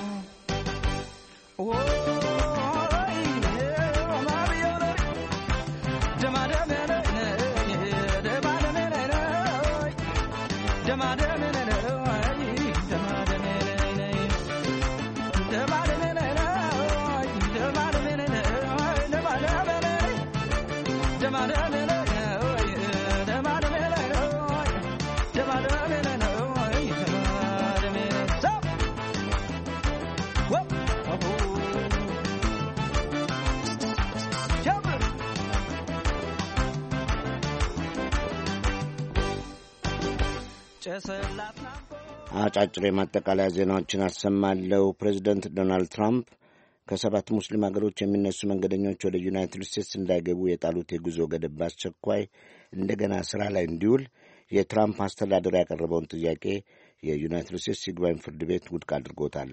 አጫጭር የማጠቃለያ ዜናዎችን አሰማለሁ። ፕሬዚደንት ዶናልድ ትራምፕ ከሰባት ሙስሊም ሀገሮች የሚነሱ መንገደኞች ወደ ዩናይትድ ስቴትስ እንዳይገቡ የጣሉት የጉዞ ገደብ በአስቸኳይ እንደገና ስራ ላይ እንዲውል የትራምፕ አስተዳደር ያቀረበውን ጥያቄ የዩናይትድ ስቴትስ ይግባኝ ፍርድ ቤት ውድቅ አድርጎታል።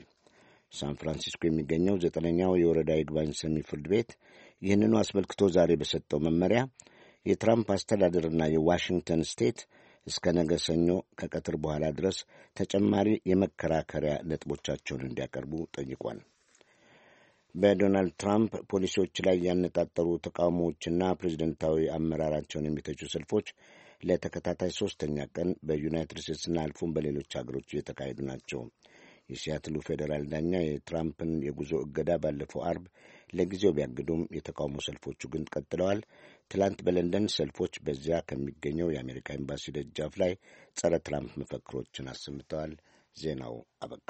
ሳን ፍራንሲስኮ የሚገኘው ዘጠነኛው የወረዳ ይግባኝ ሰሚ ፍርድ ቤት ይህንኑ አስመልክቶ ዛሬ በሰጠው መመሪያ የትራምፕ አስተዳደርና የዋሽንግተን ስቴት እስከ ነገ ሰኞ ከቀትር በኋላ ድረስ ተጨማሪ የመከራከሪያ ነጥቦቻቸውን እንዲያቀርቡ ጠይቋል። በዶናልድ ትራምፕ ፖሊሲዎች ላይ ያነጣጠሩ ተቃውሞዎችና ፕሬዚደንታዊ አመራራቸውን የሚተቹ ሰልፎች ለተከታታይ ሶስተኛ ቀን በዩናይትድ ስቴትስና አልፎም በሌሎች ሀገሮች እየተካሄዱ ናቸው። የሲያትሉ ፌዴራል ዳኛ የትራምፕን የጉዞ እገዳ ባለፈው አርብ ለጊዜው ቢያግዱም የተቃውሞ ሰልፎቹ ግን ቀጥለዋል። ትላንት በለንደን ሰልፎች በዚያ ከሚገኘው የአሜሪካ ኤምባሲ ደጃፍ ላይ ጸረ ትራምፕ መፈክሮችን አሰምተዋል። ዜናው አበቃ።